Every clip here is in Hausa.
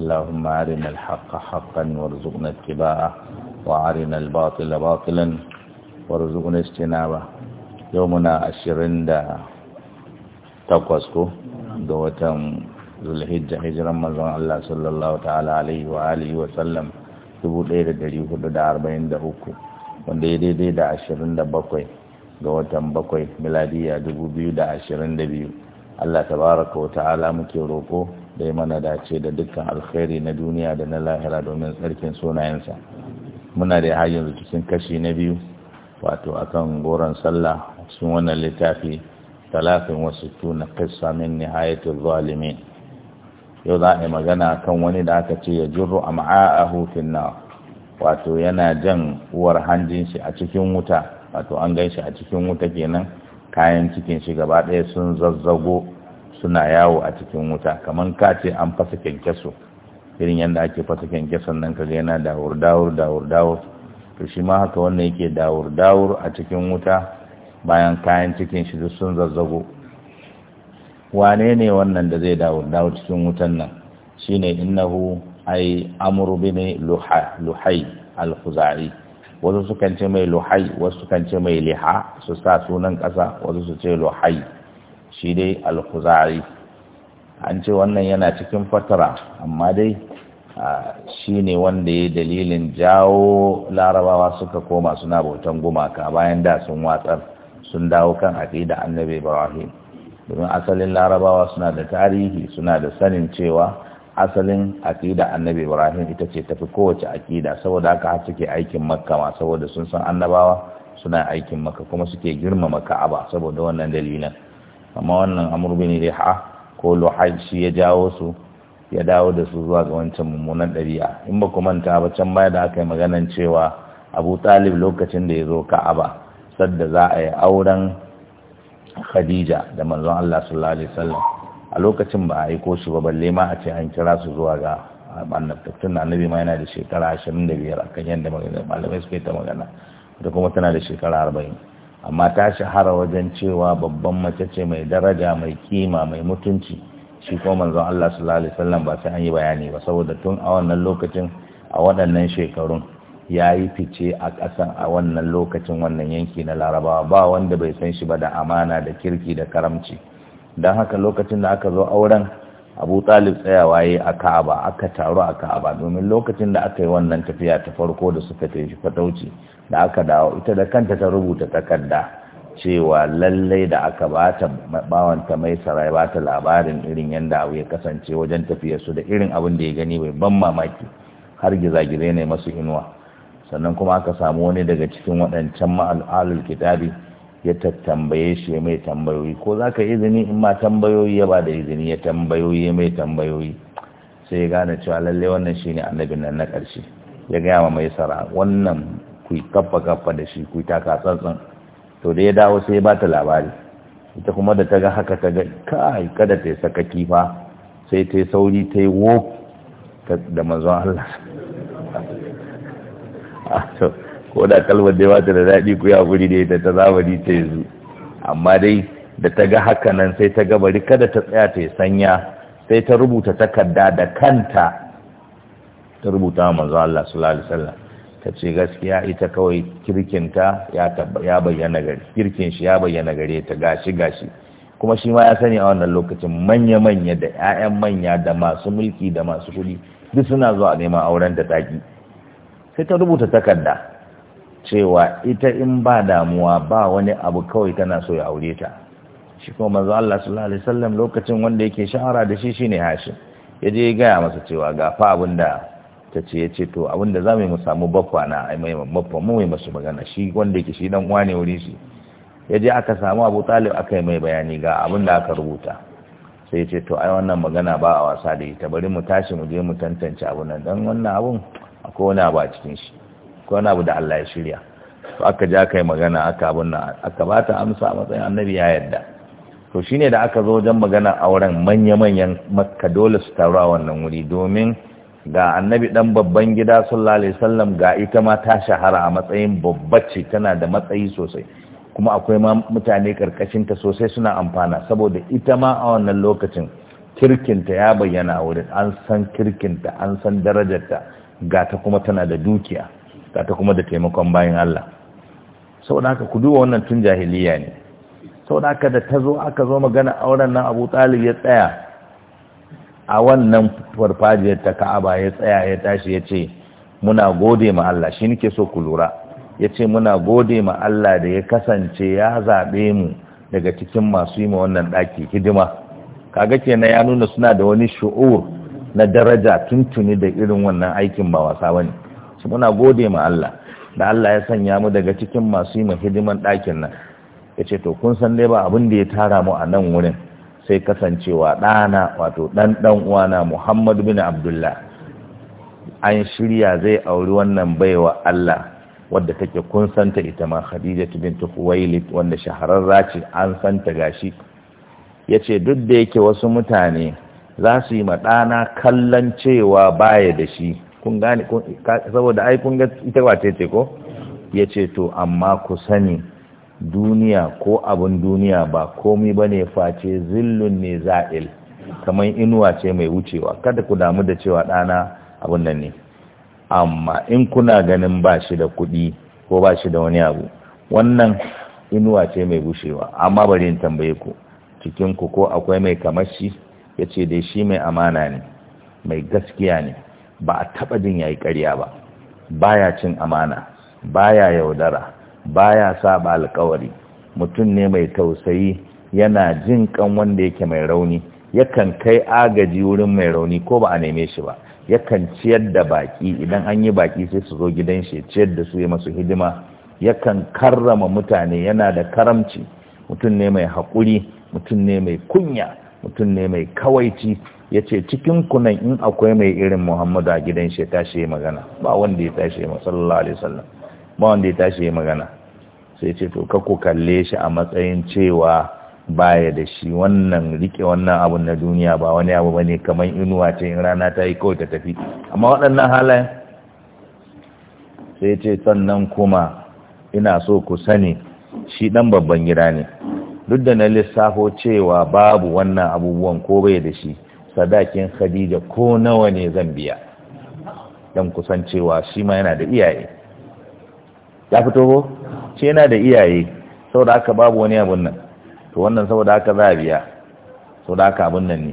اللهم أرنا الحق حقا وارزقنا اتباعه وأرنا الباطل باطلا وارزقنا اجتنابه يومنا عشرين دا تقوسكو دوتم ذو الحجة هجرا مزون الله صلى الله تعالى عليه وآله وسلم dubu ɗaya da ɗari hudu da arba'in da uku wanda ya daidai da ashirin da bakwai ga watan bakwai miladiya dubu biyu da ashirin da biyu Allah tabaraka wa muke roƙo da ya mana dace da dukkan alkhairi na duniya da na lahira domin tsarkin sunayensa muna da har yanzu cikin kashi na biyu wato akan goron sallah cikin wannan littafi talafin wasu tuna kissa min nihayatul zalimin yau za a yi magana kan wani da aka ce ya jiru a ma'a'ahu finna wato yana jan uwar hanjin shi a cikin wuta wato an gan shi a cikin wuta kenan kayan cikin shi gaba ɗaya sun zazzago suna yawo a cikin wuta kamar ka ce an fasa kyankyaso irin yadda ake fasa kyankyason nan kaga yana dawur dawur dawur dawur to shi ma haka wannan yake dawur dawur a cikin wuta bayan kayan cikin shi duk sun zazzago wane ne wannan da zai dawur dawur cikin wutan nan shine innahu ai amru bin luhai Alhuzari, khuzai wasu sukan ce mai luhai wasu sukan ce mai liha su sa sunan kasa wasu su ce luhai shi dai alkuzari an ce wannan yana cikin fatara amma dai shi ne wanda ya dalilin jawo larabawa suka koma suna bautan gumaka bayan da sun watsar sun dawo kan da annabi ibrahim domin asalin larabawa suna da tarihi suna da sanin cewa asalin aƙida annabi ibrahim ita ce tafi kowace aƙida saboda haka har suke aikin makka ma saboda sun san annabawa suna aikin makka kuma suke girmama ka'aba saboda wannan dalilin. amma wannan amur bin riha ko luhaj shi ya jawo su ya dawo da su zuwa ga wancan mummunan ɗabi'a in ba ku manta ba can baya da aka yi maganan cewa abu talib lokacin da ya zo ka'aba sadda za a yi auren khadija da manzon allah sallallahu alaihi wasallam a lokacin ba a yi ko shi ba balle ma a ce an kira su zuwa ga annabtattun na annabi ma yana da shekara ashirin da biyar akan yadda malamai suka yi ta magana da kuma tana da shekara arba'in amma ta shahara wajen cewa babban mace ce mai daraja mai kima mai mutunci shi ko manzon Allah sallallahu alaihi wasallam ba sai an yi bayani ba saboda tun a wannan lokacin a waɗannan shekarun ya yi fice a ƙasan a wannan lokacin wannan yanki na larabawa ba wanda bai san shi ba da amana da kirki da karamci dan haka lokacin da aka zo auren abu talib tsayawa ya a ka'aba aka taru a ka'aba domin lokacin da aka yi wannan tafiya ta farko da suka tafi fatauci da aka dawo ita da kanta ta rubuta takarda cewa lallai da aka ba ta ta mai sarai ba ta labarin irin yadda abu ya kasance wajen tafiyar su da irin abin da ya gani bai ban mamaki har giza-gizai ne masu inuwa sannan kuma aka samu wani daga cikin waɗancan ma'al'alul kitabi ya tattambaye shi ya mai tambayoyi ko za ka izini in ma tambayoyi ya ba da izini ya tambayoyi ya mai tambayoyi sai ya gane cewa lallai wannan shi ne annabin nan na ƙarshe ya gaya ma mai sara wannan ku yi kaffa kaffa da shi ku yi taka tsantsan to da ya dawo sai ya ba ta labari ita kuma da ta ga haka ta ga kai kada ta yi saka kifa sai ta yi sauri ta yi wo da manzon Allah ko da kalmar dai bata da daɗi ku ya guri da ita ta zamani ta yanzu amma dai da ta ga haka nan sai ta ga bari kada ta tsaya ta yi sanya sai ta rubuta takarda da kanta ta rubuta manzo Allah sallallahu alaihi wasallam ta ce gaskiya ita kawai ta ya bayyana gare kirkin shi ya bayyana gare ta gashi gashi kuma shi ma ya sani a wannan lokacin manya-manya da 'ya'yan manya da masu mulki da masu kuɗi duk suna zuwa neman auren da taki sai ta rubuta takarda cewa ita in ba damuwa ba wani abu kawai tana so ya aure ta shi kuma manzo Allah sallallahu alaihi wasallam lokacin wanda yake shahara da shi shine Hashim yaje ya gaya masa cewa ga fa abinda tace yace to abinda zamu yi mu samu baffa na ai mai baffa mu yi masa magana shi wanda yake shi dan uwa ne wuri shi yaje aka samu Abu Talib aka mai bayani ga abinda aka rubuta sai yace to ai wannan magana ba a wasa da ita bari mu tashi mu je mu tantance abun nan dan wannan abun akwai wani abu a cikin shi ko abu da Allah ya shirya to aka ja kai magana aka abun nan aka ba ta amsa a matsayin annabi ya yarda to shine da aka zo wajen magana auren manya-manyan makka dole su taru a wannan wuri domin ga annabi dan babban gida sallallahu alaihi wasallam ga ita ma ta shahara a matsayin ce, tana da matsayi sosai kuma akwai ma mutane karkashin ta sosai suna amfana saboda ita ma a wannan lokacin kirkinta ya bayyana wurin an san kirkinta an san darajarta ga ta kuma tana da dukiya ta kuma da taimakon bayan Allah saboda haka ku duba wannan tun jahiliya ne saboda haka da ta zo aka zo magana auren nan Abu Talib ya tsaya a wannan farfajiyar ta Ka'aba ya tsaya ya tashi ya ce muna gode ma Allah shi nake so ku lura ya ce muna gode ma Allah da ya kasance ya zaɓe mu daga cikin masu yi ma wannan ɗaki hidima kaga kenan ya nuna suna da wani shu'ur na daraja tuntuni da irin wannan aikin ba wasa bane muna gode ma Allah da Allah ya sanya mu daga cikin masu yi ma hidiman ɗakin nan ya ce to kun san dai ba abin da ya tara mu a nan wurin sai kasancewa ɗana wato ɗan ɗan uwana Muhammadu bin Abdullah an shirya zai auri wannan baiwa Allah wadda take kun santa ita ma khadija bin Khuwailid wanda shahararra ce an santa gashi yace duk da yake wasu mutane za su yi ma ɗana kallon cewa baya da shi kun gane saboda ai kun ga ita wace ce ko yace to amma ku sani duniya ko abun duniya ba komi bane ne face zillun ne za'il kamar inuwa ce mai wucewa kada ku damu da cewa dana abin nan ne amma in kuna ganin ba shi da kuɗi ko ba shi da wani abu wannan inuwa ce mai bushewa amma bari in tambaye ku cikinku ko akwai mai kamar shi ya dai shi mai amana ne mai gaskiya ne ba a taɓa jin ya yi ƙarya ba baya cin amana baya yaudara baya saba alkawari mutum ne mai tausayi yana jin kan wanda yake mai rauni yakan kai agaji wurin mai rauni ko ba a neme shi ba yakan ciyar da baki idan an yi baki sai su zo gidan shi ciyar da su ya masu hidima yakan karrama mutane yana da karamci mutum ne mai haƙuri mutum ne mai kunya mutum ne mai kawaici ya ce cikin kunan in akwai mai irin muhammadu a gidan shi tashi ya magana ba wanda ya tashi ya sallallahu alaihi ba wanda ya tashi ya magana sai ce to ka ku kalle shi a matsayin cewa baya da shi wannan rike wannan abun na duniya ba wani abu bane kamar inuwa ce in rana ta yi kawai ta tafi amma waɗannan halayen sai ce sannan kuma ina so ku sani shi ɗan babban gida ne duk da na lissafo cewa babu wannan abubuwan ko bai da shi sadakin khadija ko nawa ne zan biya dan kusancewa shi ma yana da iyaye ya fito ko ce yana da iyaye saboda haka babu wani abun nan to wannan saboda haka za a biya saboda haka abun nan ne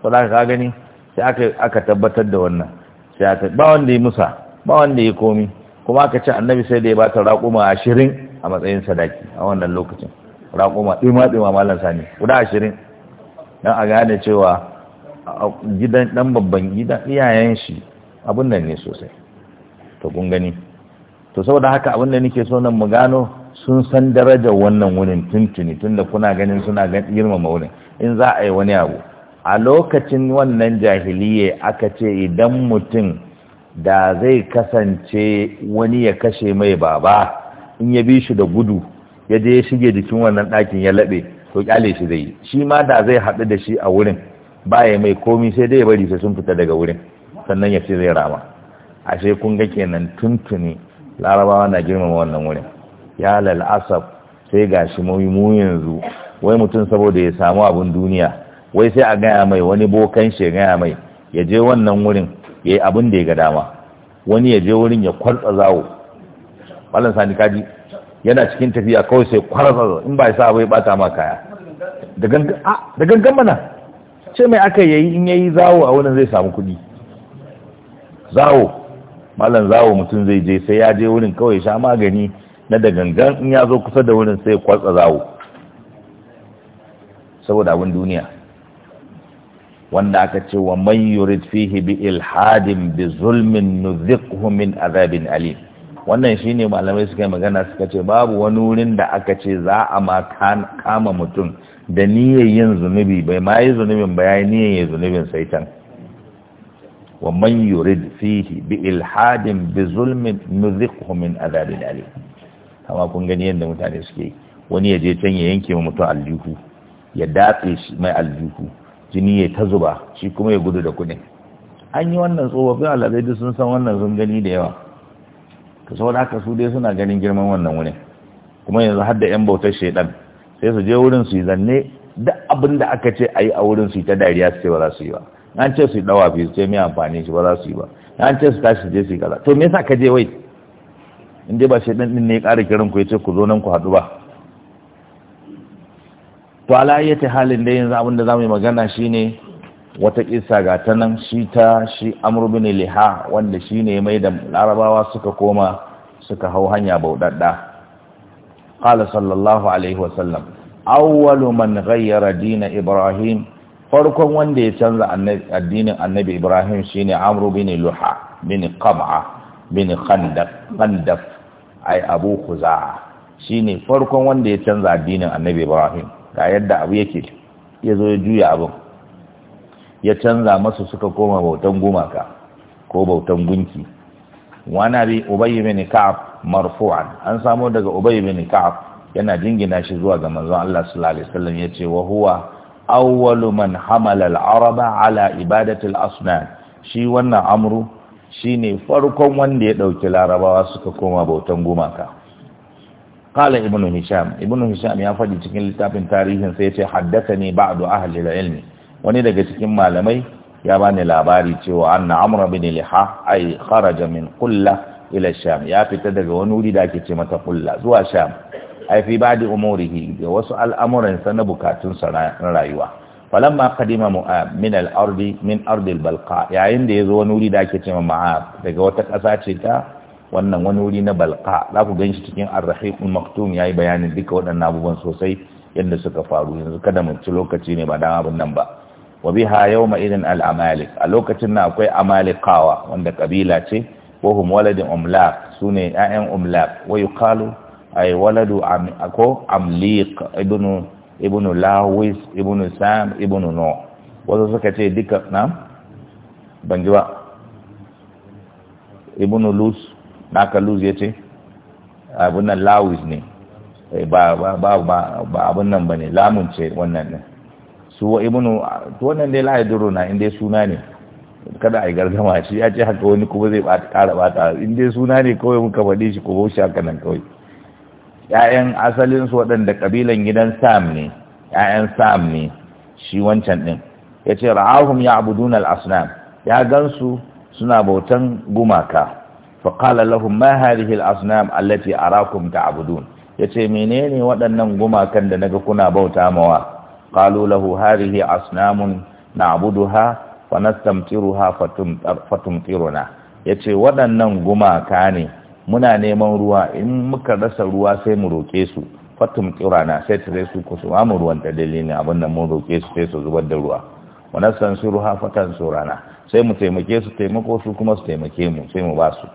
saboda haka ka gani sai aka aka tabbatar da wannan sai aka ba wanda ya musa ba wanda ya komi kuma aka ce annabi sai da ya bata raƙuma ashirin a matsayin sadaki a wannan lokacin raƙuma ɗima ɗima malam sani guda ashirin don a gane cewa gidan dan babban gida iyayen shi abun nan ne sosai to kun gani to saboda haka abun da nake so nan mu gano sun san darajar wannan wurin tuntuni tunda kuna ganin suna girmama wurin in za a yi wani abu a lokacin wannan jahiliye aka ce idan mutum da zai kasance wani ya kashe mai baba in ya bi shi da gudu ya je ya shige jikin wannan ɗakin ya laɓe to kyale shi zai yi shi ma da zai haɗu da shi a wurin Ba ya mai komi sai dai bari sai sun fita daga wurin sannan ya ce zai rama ashe kun ga kenan tuntuni larabawa na girmama wannan wurin ya lal'asaf sai gashi mu mu yanzu wai mutum saboda ya samu abin duniya wai sai a gaya mai wani bokan shi gaya mai ya je wannan wurin ya yi abin da ya ga dama wani ya je wurin ya kwartsa zawo ɓallon sani kaji yana cikin tafiya kawai sai kwartsa zawo in ba ya sa bai bata ma kaya da gangan mana ce mai aka yayi in yayi zawo a wurin zai samu kuɗi zawo malam zawo mutum zai je sai ya je wurin kawai sha magani na da gangan in ya zo kusa da wurin sai kwatsa zawo saboda abin duniya wanda aka ce wa man yurid fihi bi ilhadin bi zulmin nuzikhu min azabin alim wannan shine malamai suka yi magana suka ce babu wani wurin da aka ce za a ma kama mutum da niyyar yin zunubi bai ma yi zunubin ba ya yi niyyar yin zunubin sai can wa man yurid fihi bi ilhadin bi zulmin nuzikhu min azabin alim amma kun gani yadda mutane suke wani ya je can ya yanke ma mutum aljihu ya datse mai aljihu jini ya ta zuba shi kuma ya gudu da kudin an yi wannan tsofaffin alazai duk sun san wannan sun gani da yawa ka sau da haka su dai suna ganin girman wannan wurin kuma yanzu har da yan bautar shaidan sai su je wurin su yi zanne duk abin da aka ce a yi a wurin su yi ta dariya su ce ba za su yi ba an ce su yi dawa fi su ce mai amfani shi ba za su yi ba an ce su tashi je su yi kaza to me yasa ka je wai in dai ba shi dan din ne ya ƙara kiran ku ya ce ku zo nan ku haɗu ba to ala ta halin da yanzu abin da za mu yi magana shine wata kisa ga ta nan shi ta shi amru bin liha wanda shine mai da larabawa suka koma suka hau hanya bauɗaɗɗa qala sallallahu alaihi wasallam awwalu man ghayyara din ibrahim farkon wanda ya canza addinin annabi ibrahim shine amru bin luha bin qab'a bin khandaq ai abu shine farkon wanda ya canza addinin annabi ibrahim ga yadda abu yake ya zo ya juya abin ya canza masu suka koma bautan gumaka ko bautan gunki wani abi ubayy bin ka'ab marfu'an an samu daga ubay bin ka'ab yana jingina shi zuwa ga manzon Allah sallallahu alaihi wasallam yace wa huwa awwalu man hamala al-araba ala ibadati al-asnam shi wannan amru shine farkon wanda ya dauki larabawa suka koma bautan gumaka qala ibnu hisham ibnu hisham ya faɗi cikin littafin tarihin sai yace haddathani ba'du ahli al-ilmi wani daga cikin malamai ya bani labari cewa anna amra bin liha ay kharaja min qullah ila sham ya fita daga wani wuri da ake ce mata kulla zuwa sham ai fi ba'di umurihi da wasu al'amuran sa na bukatun sa na rayuwa falamma qadima mu'ab min al-ardi min ardi al-balqa yayin da yazo wani wuri da ake ce ma mu'ab daga wata ƙasa ce ta wannan wani wuri na balqa za ku ganshi cikin ar-rahiqul maktum yayi bayanin duka waɗannan abubuwan sosai yadda suka faru yanzu kada mu ci lokaci ne ba dama abin nan ba wa biha yawma idin al-amalik a lokacin nan akwai amalikawa wanda kabila ce wahum waladin umlaq sune ƴaƴan umlaq wa yuqalu ay waladu am ko amliq ibnu ibnu lawis ibnu sam ibnu no wasu suka ce duka na ban ji luz, ibnu lus naka lus yace abun nan lawis ne ba ba ba ba abun nan bane lamun ce wannan ne su wa ibnu to wannan dai la na inda suna ne kada a yi gargama shi ya ce haka wani kuma zai ƙara bata in dai suna ne kawai muka faɗi shi ko hoshi haka nan kawai ƴaƴan asalin su waɗanda ƙabilan gidan sam ne ƴaƴan sam ne shi wancan ɗin ya ce ra'ahum ya abudun al'asnam ya gansu suna bautan gumaka fa qala lahum ma hadhihi al'asnam allati arakum ta'budun ce menene waɗannan gumakan da naga kuna bauta mawa qalu lahu hadhihi asnamun na'buduha fatum fatumtiruna yace waɗannan gumaka ne muna neman ruwa in muka rasa ruwa sai mu roke su fatumtirana sai tare su ku su mu ruwan da dalilin abin nan mun roke su sai su zubar da ruwa wa nastansiruha fatansurana sai mu taimake su taimako su kuma su taimake mu sai mu ba su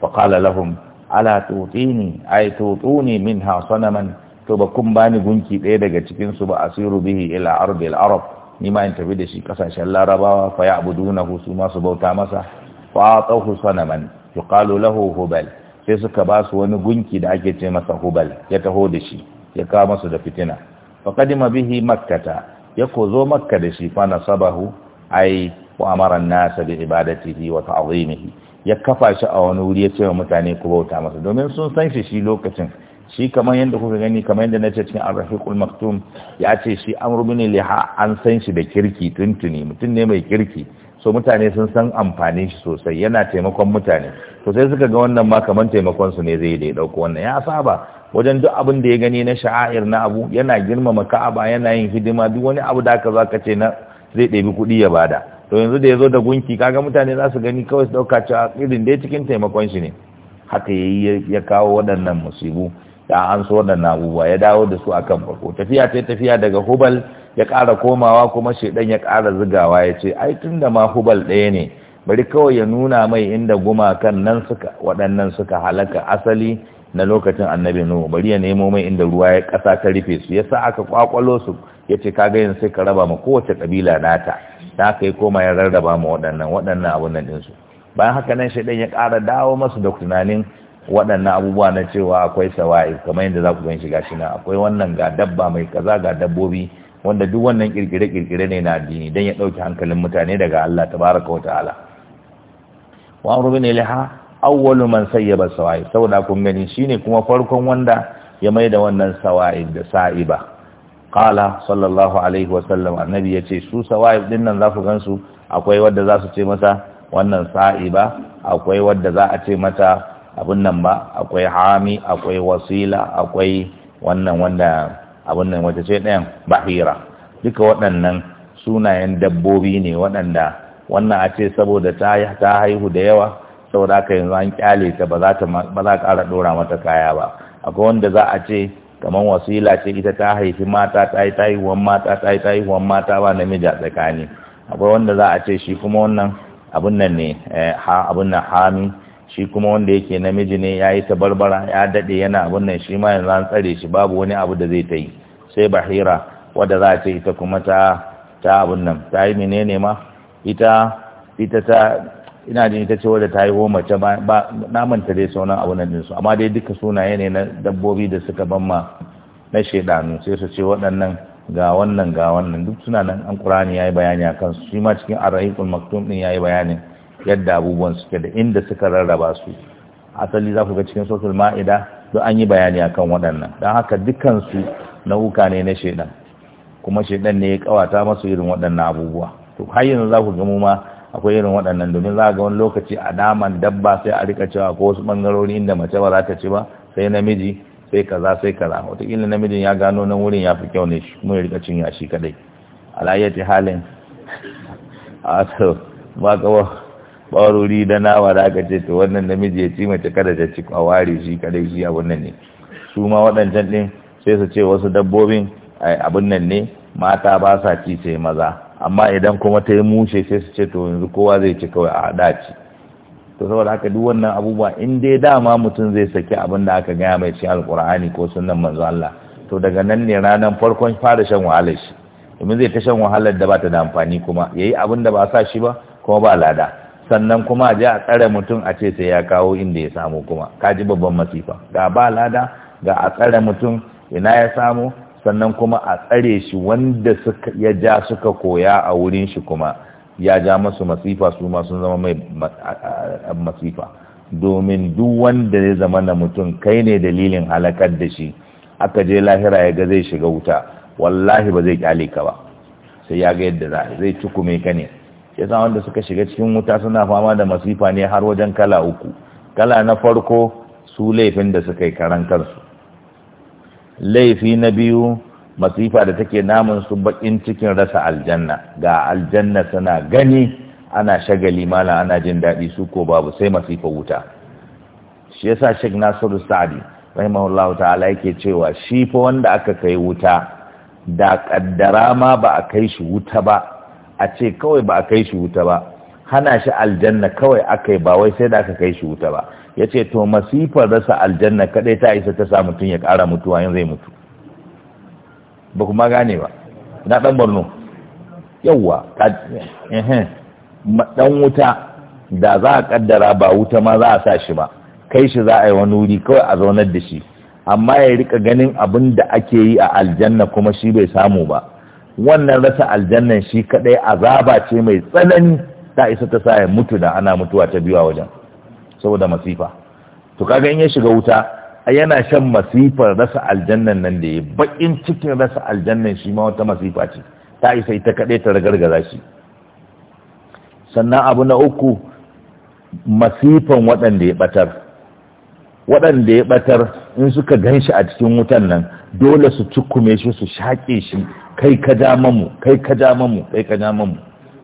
fa qala lahum ala tutini ay tutuni minha sanaman to ba kun bani gunki ɗaya daga cikin su ba asiru bihi ila ardil arab ni ma in tafi da shi kasashen larabawa fa abu duna ma su bauta masa fa tsohu sanaman yuqalu hubal sai suka ba su wani gunki da ake ce masa hubal ya taho da shi ya kawo masu da fitina fa qadima bihi makkata ya kozo makka da shi fa nasabahu ai wa amara an-nas bi ibadatihi wa ta'zimihi ya kafa shi a wani wuri ya ce wa mutane ku bauta masa domin sun san shi lokacin shi kamar yadda kuka gani kamar yadda na ce cikin arrafiqul maktum ya ce shi amru bin liha an san shi da kirki tuntuni mutum ne mai kirki so mutane sun san amfani shi sosai yana taimakon mutane to sai suka ga wannan ma kamar taimakon su ne zai da ya dauko wannan ya saba wajen duk abin da ya gani na sha'air na abu yana girmama ka'aba yana yin hidima duk wani abu da aka zaka ce na zai ɗebi kuɗi ya bada to yanzu da ya zo da gunki kaga mutane za su gani kawai su ɗauka cewa irin dai cikin taimakon shi ne haka ya ya kawo waɗannan musibu Da an so wannan abubuwa ya dawo da su akan farko tafiya ta tafiya daga hubal ya kara komawa kuma shedan ya kara zigawa ya ce ai da ma hubal ɗaya ne bari kawai ya nuna mai inda gumakan nan suka waɗannan suka halaka asali na lokacin annabi nuhu bari ya nemo mai inda ruwa ya ƙasa ta rufe su ya sa aka kwakwalo su ya ce kaga yin sai ka raba ma kowace ƙabila nata da aka yi koma ya rarraba ma waɗannan waɗannan abun nan ɗinsu bayan haka nan shaidan ya kara dawo masu da tunanin waɗannan abubuwa na cewa akwai sawa'i kamar yadda za ku gan shiga shi akwai wannan ga dabba mai kaza ga dabbobi wanda duk wannan kirkire-kirkire ne na addini don ya ɗauki hankalin mutane daga Allah tabaraka wa ta'ala wa amru bin ilaha awwalu man sayyaba sawa'i saboda kun gani shine kuma farkon wanda ya maida wannan sawa'i da sa'iba qala sallallahu alaihi wa sallam annabi yace su sawa'i din nan za ku gansu akwai wanda za su ce masa wannan sa'iba akwai wanda za a ce mata abun nan ba akwai hami akwai wasila akwai wannan wanda abun nan wata ce ɗayan bahira duka waɗannan sunayen dabbobi ne waɗanda wannan a ce saboda ta haihu da yawa saboda haka yanzu an kyale ta ba za ta ƙara ɗora mata kaya ba akwai wanda za a ce kamar wasila ce ita ta haifi mata ta yi tayihuwan mata ta yi tayihuwan mata ba namiji a tsakani akwai wanda za a ce shi kuma wannan abun nan ne eh, abun nan hami shi kuma wanda yake namiji ne ya yi barbara, ya daɗe yana wannan shi ma yanzu an tsare shi babu wani abu da zai ta yi sai bahira wadda za a ce ita kuma ta ta abin nan ta yi menene ma ita ita ta ina jin ita ce wadda ta yi mace ba namanta dai sauran abu nan dinsu amma dai duka sunaye ne na dabbobi da suka ban ma na shaidanu sai su ce waɗannan ga wannan ga wannan duk suna nan an ƙurani ya yi bayani a kansu shi ma cikin arahikul maktum ɗin ya yi bayanin yadda abubuwan suke da inda suka rarraba su asali za ku ga cikin suratul ma'ida don an yi bayani a kan waɗannan don haka dukansu na'uka ne na shaidan kuma shaidan ne ya kawata masu irin waɗannan abubuwa to har yanzu za ku ga muma ma akwai irin waɗannan domin za ga wani lokaci a daman dabba sai a rika cewa ko wasu bangarori inda mace ba za ta ci ba sai namiji sai kaza sai kaza wataƙila namijin ya gano nan wurin ya fi kyau ne shi kuma ya rika cin yashi kadai alayyati halin a ba barori da nawa da aka ce to wannan namiji ya ci mace kada ta ci a wari shi kadai shi abun nan ne su ma waɗancan ɗin sai su ce wasu dabbobin abun nan ne mata ba sa ci sai maza amma idan kuma ta yi mushe sai su ce to yanzu kowa zai ci kawai a haɗa to saboda haka duk wannan abubuwa in dai dama mutum zai saki abin da aka gaya mai cikin alkur'ani ko sunan manzo Allah to daga nan ne ranar farkon fara shan wahalar shi domin zai ta shan wahalar da ba ta da amfani kuma yayi abin da ba sa shi ba kuma ba lada sannan kuma a je a tsare mutum a ce sai ya kawo inda ya samu kuma kaji babban masifa ga ba lada ga a tsare mutum ina ya samu sannan kuma a tsare shi wanda ya ja suka koya a wurin shi kuma ya ja masu masifa su ma sun zama mai masifa domin duk wanda ya zama na mutum kai ne dalilin halakar da shi aka je lahira ya ga zai shiga wuta wallahi ba zai kyale ka ba sai ya ga yadda za zai cikume ka ne shi yasa wanda suka shiga cikin wuta suna fama da masifa ne har wajen kala uku kala na farko su laifin da suka yi karan kansu laifi na biyu masifa da take namun su bakin cikin rasa aljanna ga aljanna suna gani ana shagali mala ana jin daɗi su ko babu sai masifa wuta shi yasa Sheikh Nasiru Sa'di rahimahullahu ta'ala yake cewa shi fa wanda aka kai wuta da kaddara ma ba a kai shi wuta ba a ce kawai ba a kai shi wuta ba hana shi aljanna kawai aka yi ba wai sai da aka kai shi wuta ba ya ce to masifar rasa aljanna kadai ta isa ta sa mutum ya kara mutuwa yin zai mutu ba kuma gane ba na ɗan borno yauwa ɗan wuta da za a ƙaddara ba wuta ma za a sa shi ba kai shi za a yi wani wuri kawai a zaunar da shi amma ya rika ganin abin da ake yi a aljanna kuma shi bai samu ba wannan rasa aljannan shi kadai azaba ce mai tsanani ta isa ta sa ya mutu da ana mutuwa ta biyu a wajen saboda masifa to kaga in ya shiga wuta a yana shan masifar rasa aljannan nan da ya bakin cikin rasa aljannan shi ma wata masifa ce ta isa ita kaɗai ta ragargaza shi sannan abu na uku masifan waɗanda ya batar, waɗanda ya ɓatar in suka gan shi a cikin wutan nan dole su cikume shi su shaƙe shi kai ka ja mamu kai ka ja mamu kai ka ja mamu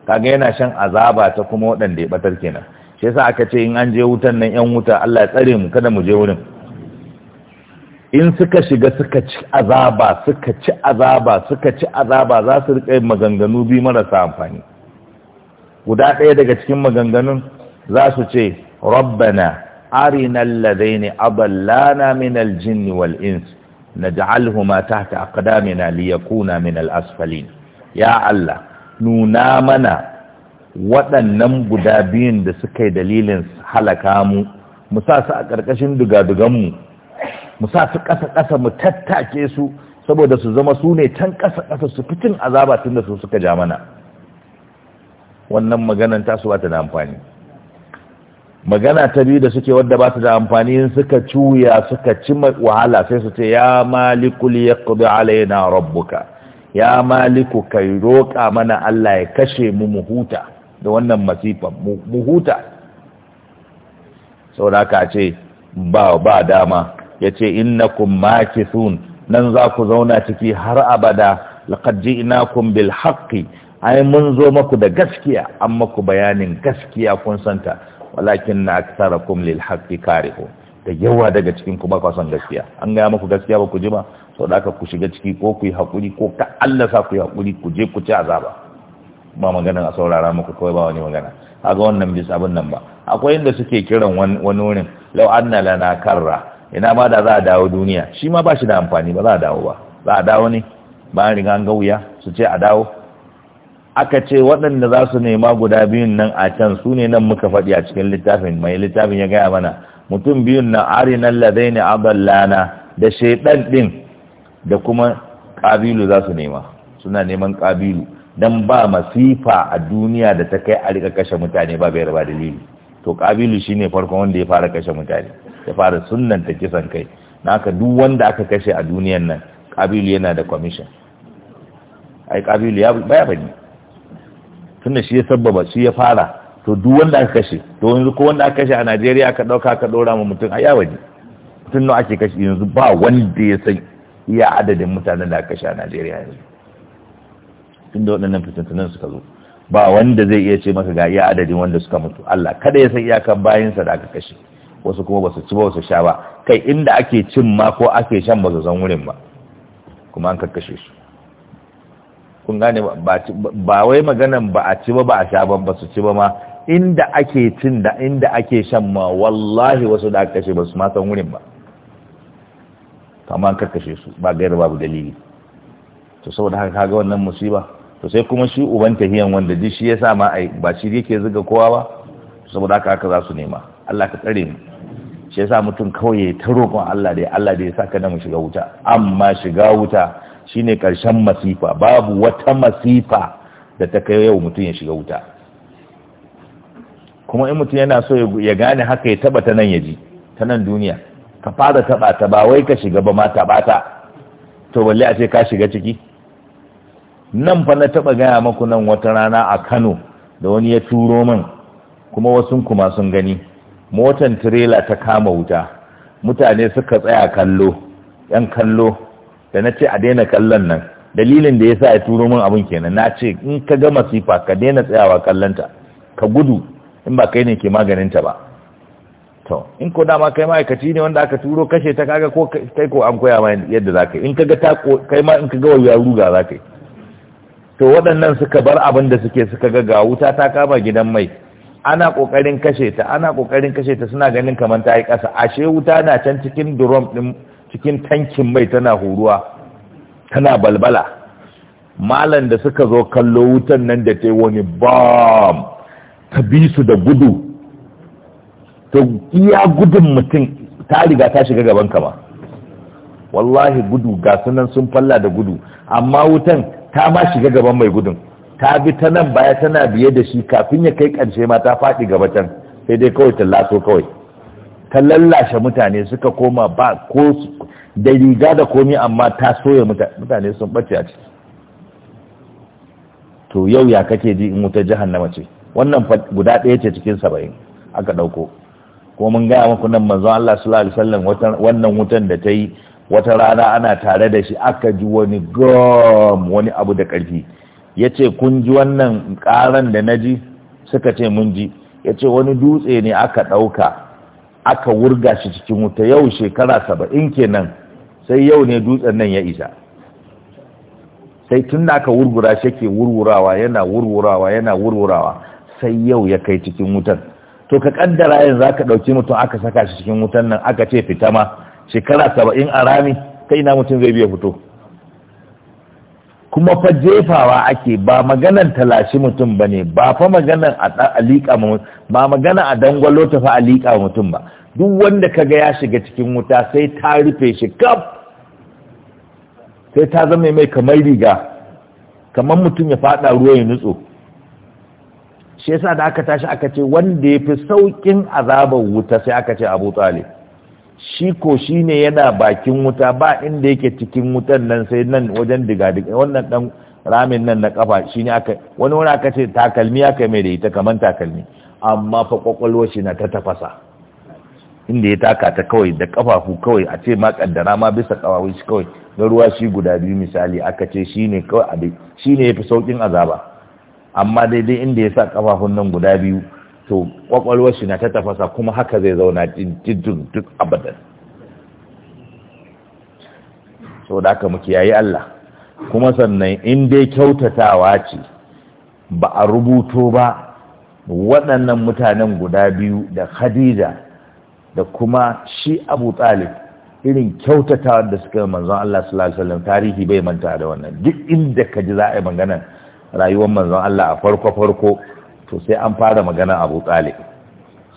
kaga yana shan azaba ta kuma waɗanda ya batar kenan shi yasa aka ce in an je wutan nan yan wuta Allah ya tsare mu kada mu je wurin in suka shiga suka ci azaba suka ci azaba suka ci azaba za su rika maganganu biyu marasa amfani guda ɗaya daga cikin maganganun za su ce rabbana arinal ladaini aballana minal jinni wal insi naj'alhuma tahta aqdamina liyakuna min al-asfalin ya Allah nuna mana waɗannan guda biyun da suka yi dalilin halaka mu mu sa su a ƙarƙashin dugaduganmu mu sa su ƙasa-ƙasa mu tattake su saboda su zama su ne can ƙasa-ƙasa su fitin azaba tun da su suka ja mana wannan maganan tasu ta da amfani magana ta biyu da suke wadda ba su da amfani suka cuya suka ci wahala sai su ce ya maliku li yaqdi alaina rabbuka ya maliku kai roƙa mana Allah ya kashe mu mu huta da wannan masifan mu huta saboda ka ce ba ba dama yace innakum makithun nan za ku zauna ciki har abada laqad ji'nakum bil haqqi ai mun zo maku da gaskiya an maku bayanin gaskiya kun santa walakin na kum lil haqqi karihu da yawa daga cikin ku ba son gaskiya an gaya muku gaskiya ba ku ji ba sau da aka ku shiga ciki ko ku yi hakuri ko ka Allah sa ku yi hakuri ku je ku ci azaba ba maganar a saurara muku kawai ba wani magana kaga wannan bisa abin nan ba akwai inda suke kiran wani wurin lau anna lana karra ina ma da za a dawo duniya shi ma ba shi da amfani ba za a dawo ba za a dawo ne bayan riga an gauya su ce a dawo aka ce waɗanda za su nema guda biyun nan a can su ne nan muka faɗi a cikin littafin mai littafin ya gaya mana mutum biyun nan arinan ladaini na da shaidan ɗin da kuma ƙabilu za su nema suna neman ƙabilu don ba masifa a duniya da ta kai a riƙa kashe mutane ba bai raba dalili to ƙabilu shine farkon wanda ya fara kashe mutane ya fara sunnanta kisan kai na haka duk wanda aka kashe a duniyan nan ƙabilu yana da kwamishin ai ƙabilu ya baya bane tunda shi ya sabbaba shi ya fara to duk wanda aka kashe to yanzu ko wanda aka kashe a Najeriya aka dauka aka dora ma mutum a yawa ne mutum nawa ake kashe yanzu ba wanda ya san iya adadin mutanen da aka kashe a Najeriya yanzu tunda waɗannan fitintunan suka zo ba wanda zai iya ce maka ga iya adadin wanda suka mutu Allah kada ya san iyakan bayansa da aka kashe wasu kuma ba su ci ba su sha ba kai inda ake cin ma ko ake shan ba su san wurin ba kuma an kakkashe su kun gane ba wai maganan ba a ci ba ba a sha ban ba su ci ba ma inda ake cin da inda ake shan ma wallahi wasu da aka kashe ba su ma san wurin ba kamar karkashe su ba gaira babu dalili to saboda haka kaga wannan musiba to sai kuma shi uban tahiyan wanda duk shi ya ma ai ba shi yake zuga kowa ba saboda haka haka za su nema Allah ka tsare mu shi yasa mutum kawai ya ta roƙon Allah dai Allah dai ya saka da mu shiga wuta amma shiga wuta shine karshen masifa babu wata masifa da ta kai yau mutum ya shiga wuta kuma in mutum yana so ya gane haka ya taba ta nan ya ji ta nan duniya ka fara taba ta ba wai ka shiga ba ma taba to balle a ce ka shiga ciki nan fa na taba gaya maku nan wata rana a Kano da wani ya turo min kuma wasu kuma sun gani motan tirela ta kama wuta mutane suka tsaya kallo yan kallo da na ce a daina kallon nan dalilin da ya sa ya turo min abin kenan na ce in ka ga masifa ka daina tsayawa kallonta ka gudu in ba kai ne ke maganinta ba to in ko dama kai ma'aikaci ne wanda aka turo kashe ta kaga ko kai ko an koya ma yadda za ka yi in ka ga ta kai ma in ka ga wuya ruga za ka yi to waɗannan suka bar abin da suke suka ga ga wuta ta kama gidan mai ana ƙoƙarin kashe ta ana ƙoƙarin kashe ta suna ganin kamar ta yi ƙasa ashe wuta na can cikin drum ɗin cikin tankin mai tana huruwa tana balbala Malam da suka zo kallo wutan nan da ta yi wani bam ta bi su da gudu ta iya gudun mutum ta riga ta shiga gaban ka ba. wallahi gudu ga sunan sun falla da gudu amma wutan ta ma shiga gaban mai gudun ta bi ta nan baya tana biye da shi kafin ya kai ƙarshe ma ta faɗi gaba can sai dai kawai ta laso kawai ta lallashe mutane suka koma ba ko da riga da komi amma ta soya mutane sun bace a ciki to yau ya kake ji in wuta na mace? wannan guda ɗaya ce cikin saba'in aka ɗauko ko mun gaya muku nan manzon Allah sallallahu alaihi wasallam wannan wutan da ta yi wata rana ana tare da shi aka ji wani gom wani abu da ƙarfi ya ce kun ji wannan ƙaran da na ji suka ce mun ji ya ce wani dutse ne aka ɗauka aka wurga shi cikin wuta yau shekara saba'in kenan sai yau ne dutsen nan ya isa sai tun da aka wurgura shi ke wurwurawa yana wurwurawa yana wurwurawa sai yau ya kai cikin wutan to ka kaddara yanzu aka ɗauki mutum aka saka shi cikin wutan nan aka ce fita ma shekara saba'in a rami kai na mutum zai biya fito kuma fa jefawa ake ba maganan talashi mutum ba ne ba fa maganan a ba magana a dangwalo ta fa alika mutum ba duk wanda kaga ya shiga cikin wuta sai ta rufe shi kaf sai ta zama mai kamar riga kamar mutum ya fada ruwa ya nutso shi yasa da aka tashi aka ce wanda ya fi saukin azabar wuta sai aka ce abu talib shi ko shi ne yana bakin wuta ba inda yake cikin wutan nan sai nan wajen digadiga wannan dan ramin nan na kafa shi ne aka wani wani aka ce takalmi aka mai da ita kamar takalmi amma fa kwakwalwa shi na ta tafasa inda ya taka ta kawai da kafafu kawai a ce ma kaddara ma bisa kawawai shi kawai na ruwa shi guda biyu misali aka ce shi ne kawai shi ne ya fi saukin azaba amma daidai inda ya sa kafafun nan guda biyu to kwakwalwar shi na ta tafasa kuma haka zai zauna jiddin duk abadan so da aka muke yayi Allah kuma sannan in dai kyautatawa ce ba a rubuto ba waɗannan mutanen guda biyu da Khadija da kuma shi Abu Talib irin kyautatawa da suka manzon Allah sallallahu alaihi tarihi bai manta da wannan duk inda ka ji za a yi magana rayuwar manzon Allah a farko farko to sai an fara magana abu talib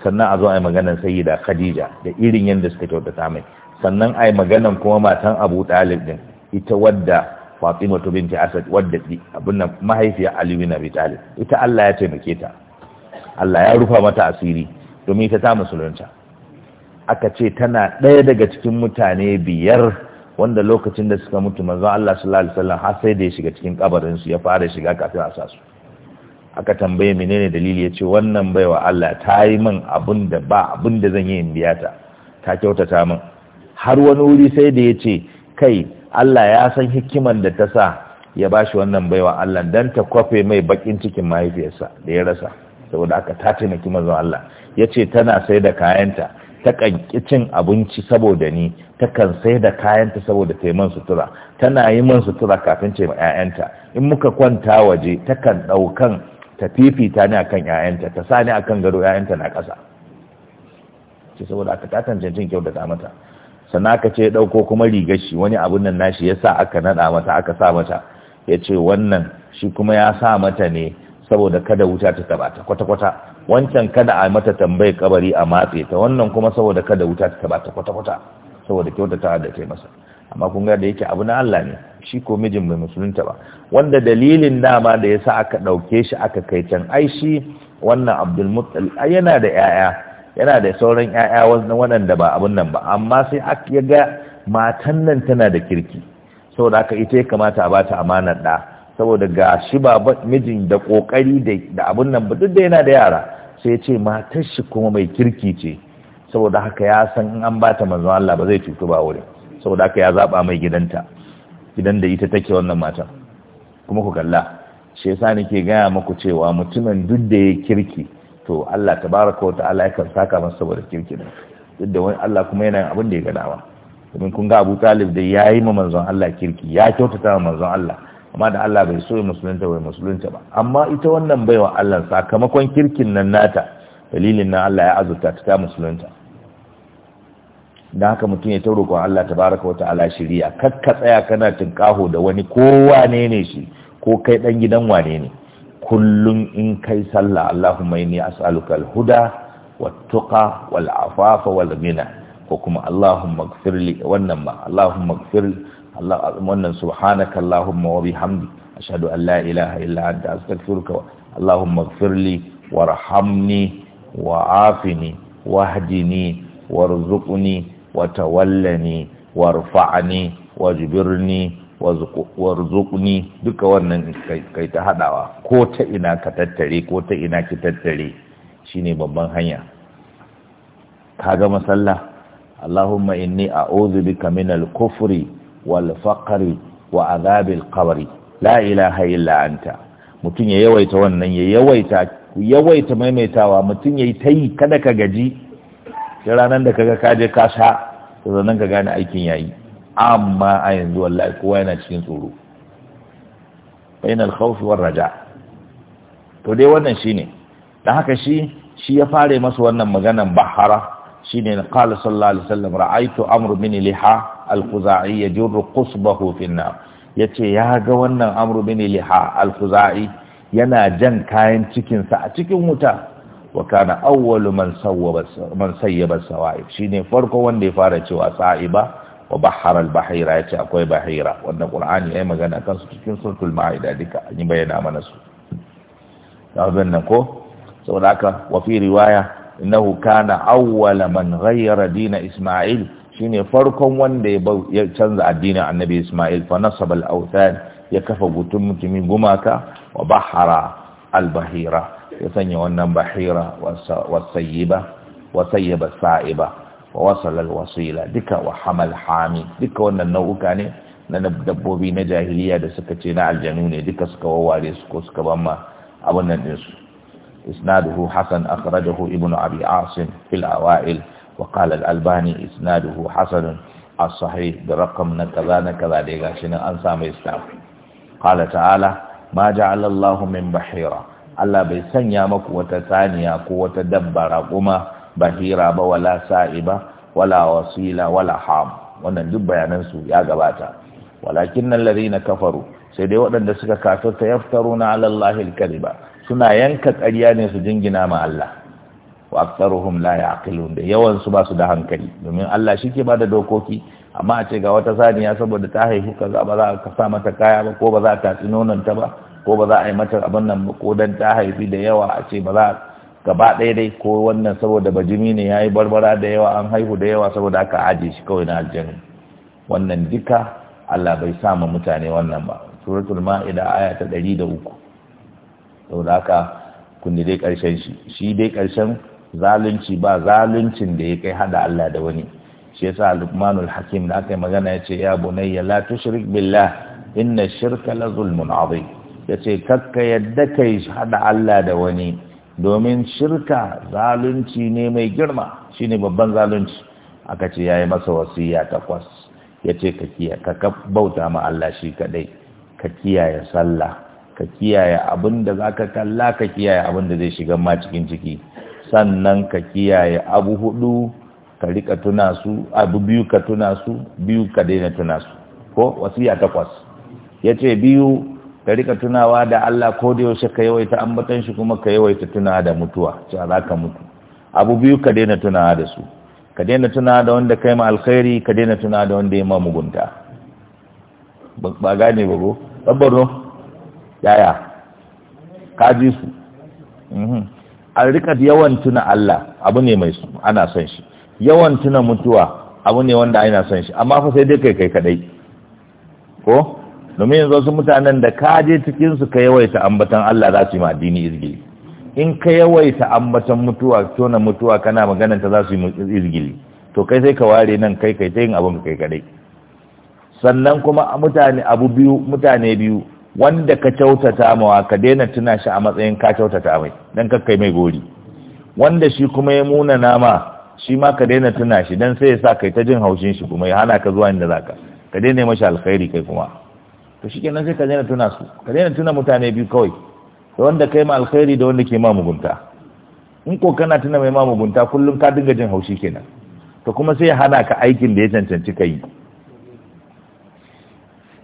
sannan a zo a yi maganan da khadija da irin yadda suka kyautata mai sannan a yi maganan kuma matan abu talib din ita wadda fatima binti asad wadda ɗi. nan mahaifiyar aliyu na bitali ita allah ya taimake ta allah ya rufa mata asiri domin ita ta musulunta aka ce tana ɗaya daga cikin mutane biyar wanda lokacin da suka mutu maza Allah sallallahu alaihi wasallam har sai da ya shiga cikin kabarin su ya fara shiga kafin a sa su aka tambaye menene dalili yace wannan baiwa Allah ta yi min abin da ba abin da zan yi in biya ta ta kyautata min har wani wuri sai da yace kai Allah ya san hikiman da ta sa ya bashi wannan baiwa Allah dan ta kwafe mai bakin cikin mahaifiyarsa da ya rasa saboda aka ta taimaki manzon Allah yace tana sai da kayanta ta kanki cin abinci saboda ni ta kan sai da kayanta saboda ta yi man sutura tana yi man sutura kafin ce ma 'ya'yanta in muka kwanta waje ta kan ɗaukan ta fifita ni akan ƴaƴanta ta sa ni akan gado ƴaƴanta na ƙasa ce saboda aka ta cin kyautata mata sannan aka ce ɗauko kuma rigar shi wani abun nan nashi ya sa aka naɗa mata aka sa mata ya ce wannan shi kuma ya sa mata ne saboda kada wuta ta taba ta kwata-kwata wancan kada a mata tambayi kabari a matse ta wannan kuma saboda kada wuta ta taba ta kwata-kwata saboda kyautata da ta masa amma kun ga da yake abu na Allah ne shi ko mijin bai musulunta ba wanda dalilin dama da yasa aka ɗauke shi aka kai can ai shi wannan abdulmuttal yana da yaya yana da sauran yaya waɗanda ba abun nan ba amma sai aka ga matan nan tana da kirki saboda haka ita ya kamata a bata amanar da saboda ga shi ba mijin da kokari da abun nan ba duk da yana da yara sai ya ce matar shi kuma mai kirki ce saboda haka ya san in an bata manzon Allah ba zai cutu ba wurin saboda haka ya zaba mai gidanta gidan da ita take wannan matan, kuma ku kalla shi yasa nake gaya muku cewa mutumin duk da ya kirki to Allah tabaraka wa ta'ala yakan saka masa saboda kirki ne duk da wani Allah kuma yana abin da ya ga dama domin kun ga Abu Talib da yayi ma manzon Allah kirki ya kyautata ma manzon Allah amma da Allah bai so ya musulunta bai musulunta ba amma ita wannan baiwa Allah sakamakon kirkin nan nata dalilin nan Allah ya azurta ta musulunta da haka mutum ya ta roƙon Allah tabaraka wa ta'ala shiriya kar ka tsaya kana tinkaho da wani ko wane ne shi ko kai dan gidan wane ne kullum in kai sallah Allahumma inni as'aluka al-huda wat-tuqa wal-afafa wal-ghina ko kuma Allahumma ighfir li wannan ma Allahumma ighfir Allah wannan subhanaka Allahumma wa bihamdi ashhadu an la ilaha illa anta astaghfiruka Allahumma ighfir li warhamni wa'afini wahdini warzuqni watawallani warfa'ani wajbirni warzuqni duka wannan kai ta hadawa ko ta ina ka tattare ko ta ina ki tattare shine babban hanya kaga masalla Allahumma inni a'udhu bika minal kufri wal faqri wa adhabil qabri la ilaha illa anta mutun ya yawaita wannan ya yawaita yawaita maimaitawa mutun yayi tayi kada ka gaji sai ranar da kaga kaje ka da to zanen ka gane aikin yayi amma a yanzu wallahi kowa yana cikin tsoro bainal khawfi war raja to dai wannan shine dan haka shi shi ya fare masa wannan maganan bahara shine qala sallallahu alaihi wasallam ra'aytu amru bin liha al-khuzai yajurru qusbahu fi an-nar yace ya ga wannan amru bin liha al yana jan kayan cikinsa a cikin wuta wa kana awwalu man sawwaba man sayyaba sawa'ib shine farko wanda ya fara cewa sa'iba wa bahara al-bahira yace akwai bahira wanda qur'ani yayi magana kan su cikin suratul ma'ida duka an yi bayyana mana su abin nan ko saboda haka wa fi riwaya innahu kana awwala man ghayyara dina isma'il shine farkon wanda ya canza addinin annabi isma'il fa nasaba al-awthan ya kafa gutun mutumi gumaka wa bahara al-bahira ya sanya wannan bahira wasayyiba wasayyiba sa'iba wa wasalal wasila duka wa hamal hami duka wannan nau'uka ne na dabbobi na jahiliya da suka ce na aljanu ne duka suka wawware su ko suka ban ma abun nan din su isnaduhu hasan akhrajahu ibnu abi asim fil awail wa qala al albani isnaduhu hasan as-sahih da rakam na kaza na kaza da gashi nan an samu isnad qala ta'ala ma ja'ala Allahu min bahira Allah bai sanya maku wata saniya ko wata dabba raƙuma bahira ba wala sa'iba wala wasila wala ham wannan duk bayanan su ya gabata walakin nan ladina kafaru sai dai waɗanda suka kafirta yaftaruna ala Allahi alkadiba suna yanka ƙarya ne su jingina ma Allah wa aktsaruhum la yaqilun da yawan su ba su da hankali domin Allah shike ba da dokoki amma a ce ga wata saniya saboda ta haihu kaza ba za ka sa mata kaya ba ko ba za ta tsinonanta ba ko ba za a yi mata abin nan ko dan ta haifi da yawa a ce ba za gaba ɗaya dai ko wannan saboda bajimi ne ya yi barbara da yawa an haihu da yawa saboda aka aje shi kawai na aljanu wannan duka Allah bai sa ma mutane wannan ba suratul ma'ida aya ta ɗari da uku saboda haka kun dai ƙarshen shi shi dai ƙarshen zalunci ba zaluncin da ya kai hada Allah da wani shi yasa Luqmanul Hakim da aka yi magana ya ce ya bunayya la tushrik billah inna shirka la zulmun adhim ya ce kakka yadda yi haɗa Allah da wani domin shirka zalunci ne mai girma shi ne babban zalunci aka ce ya yi masa wasiya takwas ya ce ka bauta ma Allah shi kaɗai ka kiyaye sallah ka kiyaye abin da za ka kalla ka kiyaye abin da zai shiga ma cikin ciki sannan ka kiyaye abu hudu ka rika tuna su abu biyu ka tuna su biyu ka daina tuna su ko wasiya takwas ya ce biyu ka rika tunawa da Allah ko da yaushe ka yawaita ambatan shi kuma ka yawaita tunawa da mutuwa ci za ka mutu abu biyu ka daina tunawa da su ka daina tunawa da wanda kai ma alkhairi ka daina tunawa da wanda ya ma mugunta ba gane ba ko babbaro yaya ka ji su mhm. a rika yawan tuna Allah abu ne mai ana son shi yawan tuna mutuwa abu ne wanda ana son shi amma fa sai dai kai kai kadai ko domin yanzu wasu mutanen da ka je cikin su ka yawaita ambatan Allah za su yi ma addini izgili in ka yawaita ambatan mutuwa tona mutuwa kana magana ta za su yi izgili to kai sai ka ware nan kai kai ta yin abin kai kadai sannan kuma mutane abu biyu mutane biyu wanda ka kyautata mawa ka daina tuna shi a matsayin ka kyautata mai dan kai mai gori wanda shi kuma ya muna nama shi ma ka daina tuna shi dan sai ya sa kai ta jin haushin shi kuma ya hana ka zuwa inda zaka ka daina mashi alkhairi kai kuma to kenan sai ka daina tuna su ka daina tuna mutane biyu kawai da wanda kai ma alkhairi da wanda ke ma mugunta in ko kana tuna mai ma mugunta kullum ka dinga jin haushi kenan to kuma sai hana ka aikin da ya cancanci ka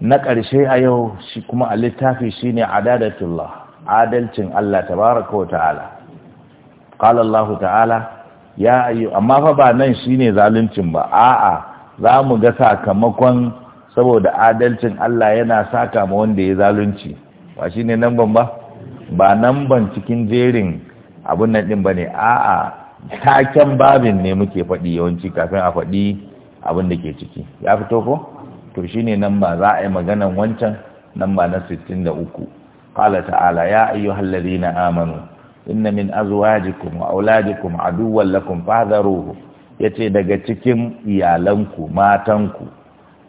na ƙarshe a yau shi kuma a littafi shi ne adadatullah adalcin Allah tabaraka wa ta'ala qala Allah ta'ala ya ayyu amma fa ba nan shine zaluncin ba a'a za mu ga sakamakon saboda adalcin Allah yana saka ma wanda ya zalunci ba shi ne ban ba ba ban cikin jerin abun nan ɗin ba a'a taken babin ne muke faɗi yawanci kafin a faɗi abin da ke ciki ya fito ko to shi ne nan ba za a yi maganan wancan nan ba na 63 qala ta'ala ya ayyuhal ladina amanu inna min azwajikum wa auladikum aduwwan lakum fahdharuhu yace daga cikin iyalanku matanku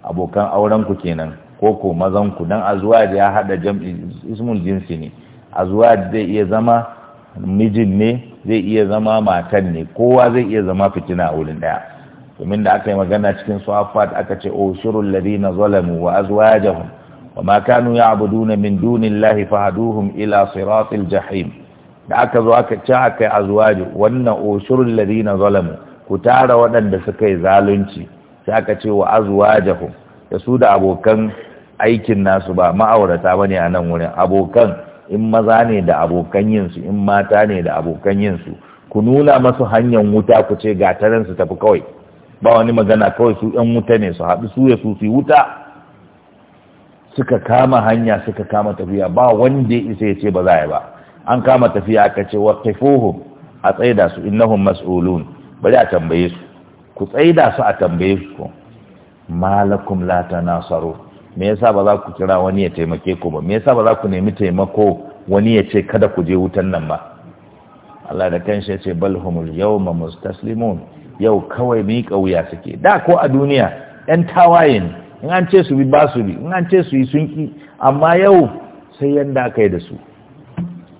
abokan auren ku kenan ko ko mazan ku dan azwaj ya hada jam'i ismul jinsi ne azwaj zai iya zama mijin ne zai iya zama matan ne kowa zai iya zama fitina a wurin ɗaya? domin da aka yi magana cikin safat aka ce o oh, shirul ladina zalamu wa azwajahum wa ma kanu ya'buduna min dunillahi fahaduhun ila siratil jahim da aka zo aka ci aka yi azwaju wannan o oh, shirul ladina zalamu ku tara waɗanda suka yi zalunci sai aka ce wa azuwa azwajahum da su da abokan aikin nasu ba ma'aurata ba ne a nan wurin abokan in maza ne da abokan yinsu, in mata ne da abokan yinsu. ku nuna masu hanyar wuta ku ce ga tafi kawai ba wani magana kawai su yan wuta ne su haɗu su ya su su wuta suka kama hanya suka kama tafiya ba wanda ya isa ya ce ba za a yi ba an kama tafiya aka ce wa tafuhu a tsaida su innahum mas'ulun bari a tambaye su ku tsaida su a tambaye ku malakum la tanasaru me yasa ba za ku kira wani ya taimake ku ba me yasa ba za ku nemi taimako wani ya ce kada ku je wutan nan ba Allah da kanshi ya ce bal humul yawma mustaslimun yau kawai mi kauya suke da ko a duniya yan tawaye in an ce su bi ba su bi in an ce su yi sun amma yau sai yanda aka da su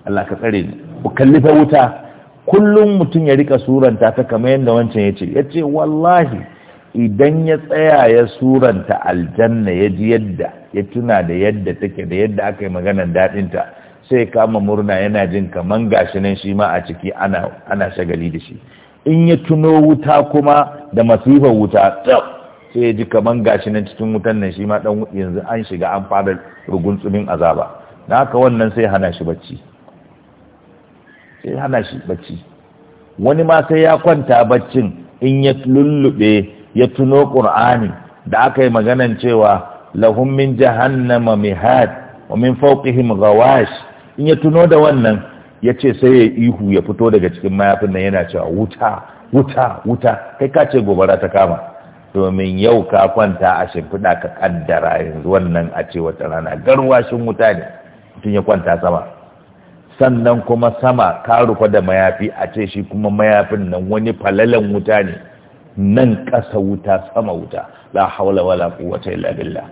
Allah ka tsare ku kalli wuta kullum mutum ya rika suranta ta kamar yadda wancan ya ce ya ce wallahi idan ya tsaya ya suranta aljanna ya ji yadda ya tuna da yadda take da yadda aka yi magana daɗinta sai kama murna yana jin kaman gashi nan shi ma a ciki ana shagali da shi in ya tuno wuta kuma da masifar wuta tsaf sai ya ji kaman gashi nan cikin wutan nan shi ma dan yanzu an shiga an fara rugun tsumin azaba na haka wannan sai hana shi bacci sai hana shi bacci wani ma sai ya kwanta baccin in ya lullube ya tuno qur'ani da aka yi maganan cewa lahum min jahannama mihad wa min fawqihim ghawash in ya tuno da wannan ya ce sai ya ihu ya fito daga cikin mayafin nan yana cewa wuta wuta wuta kai ka ce gobara ta kama domin yau ka kwanta a shimfiɗa ka kaddara yanzu wannan a ce wata rana garwashin wuta ne mutum ya kwanta sama sannan kuma sama ka rufe da mayafi a ce shi kuma mayafin nan wani falalan wuta ne nan ƙasa wuta sama wuta la haula wala quwwata illa billah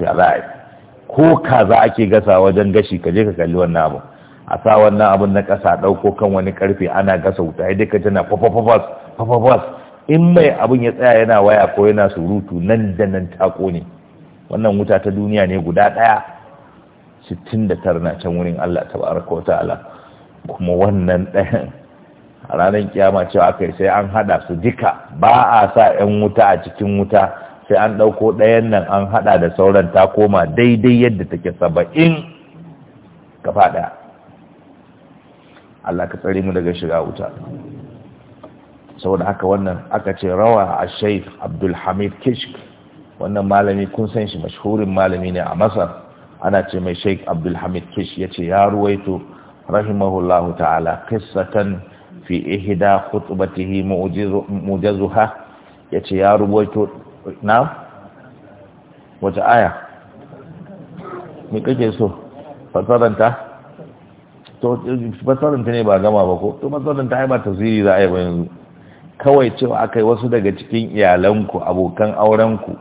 ya za'i ko kaza ake gasa wajen gashi ka je ka kalli wannan abu a sa wannan abun na ƙasa ɗauko kan wani karfe ana gasa wuta ai duka tana fafafafas fafafas in mai abun ya tsaya yana waya ko yana surutu nan da nan tako ne wannan wuta ta duniya ne guda ɗaya 69 na can wurin Allah tabaraka wa ta'ala kuma wannan ɗayan a ranar kiyama cewa aka yi sai an hada su duka ba a sa 'yan wuta a cikin wuta sai an ɗauko ɗayan nan an hada da sauran ta koma daidai yadda take saba'in ka ɗaya Allah ka tsare mu daga shiga wuta saboda haka wannan aka ce rawa a sheikh abdulhamid kishk wannan malami kun san shi mashhurin malami ne a masar ana ce mai sheik abdulhamid kish ya ce ya ruwaito rahimahullahu ta'ala kissatan fi ihda khutbatihi mujazuha ya ce ya ruwaito na wata aya mai kake so fasaranta to fasaranta ne ba gama ba ko to fasaranta ai ba ziri za a yi ba yanzu kawai cewa akai wasu daga cikin iyalanku abokan aurenku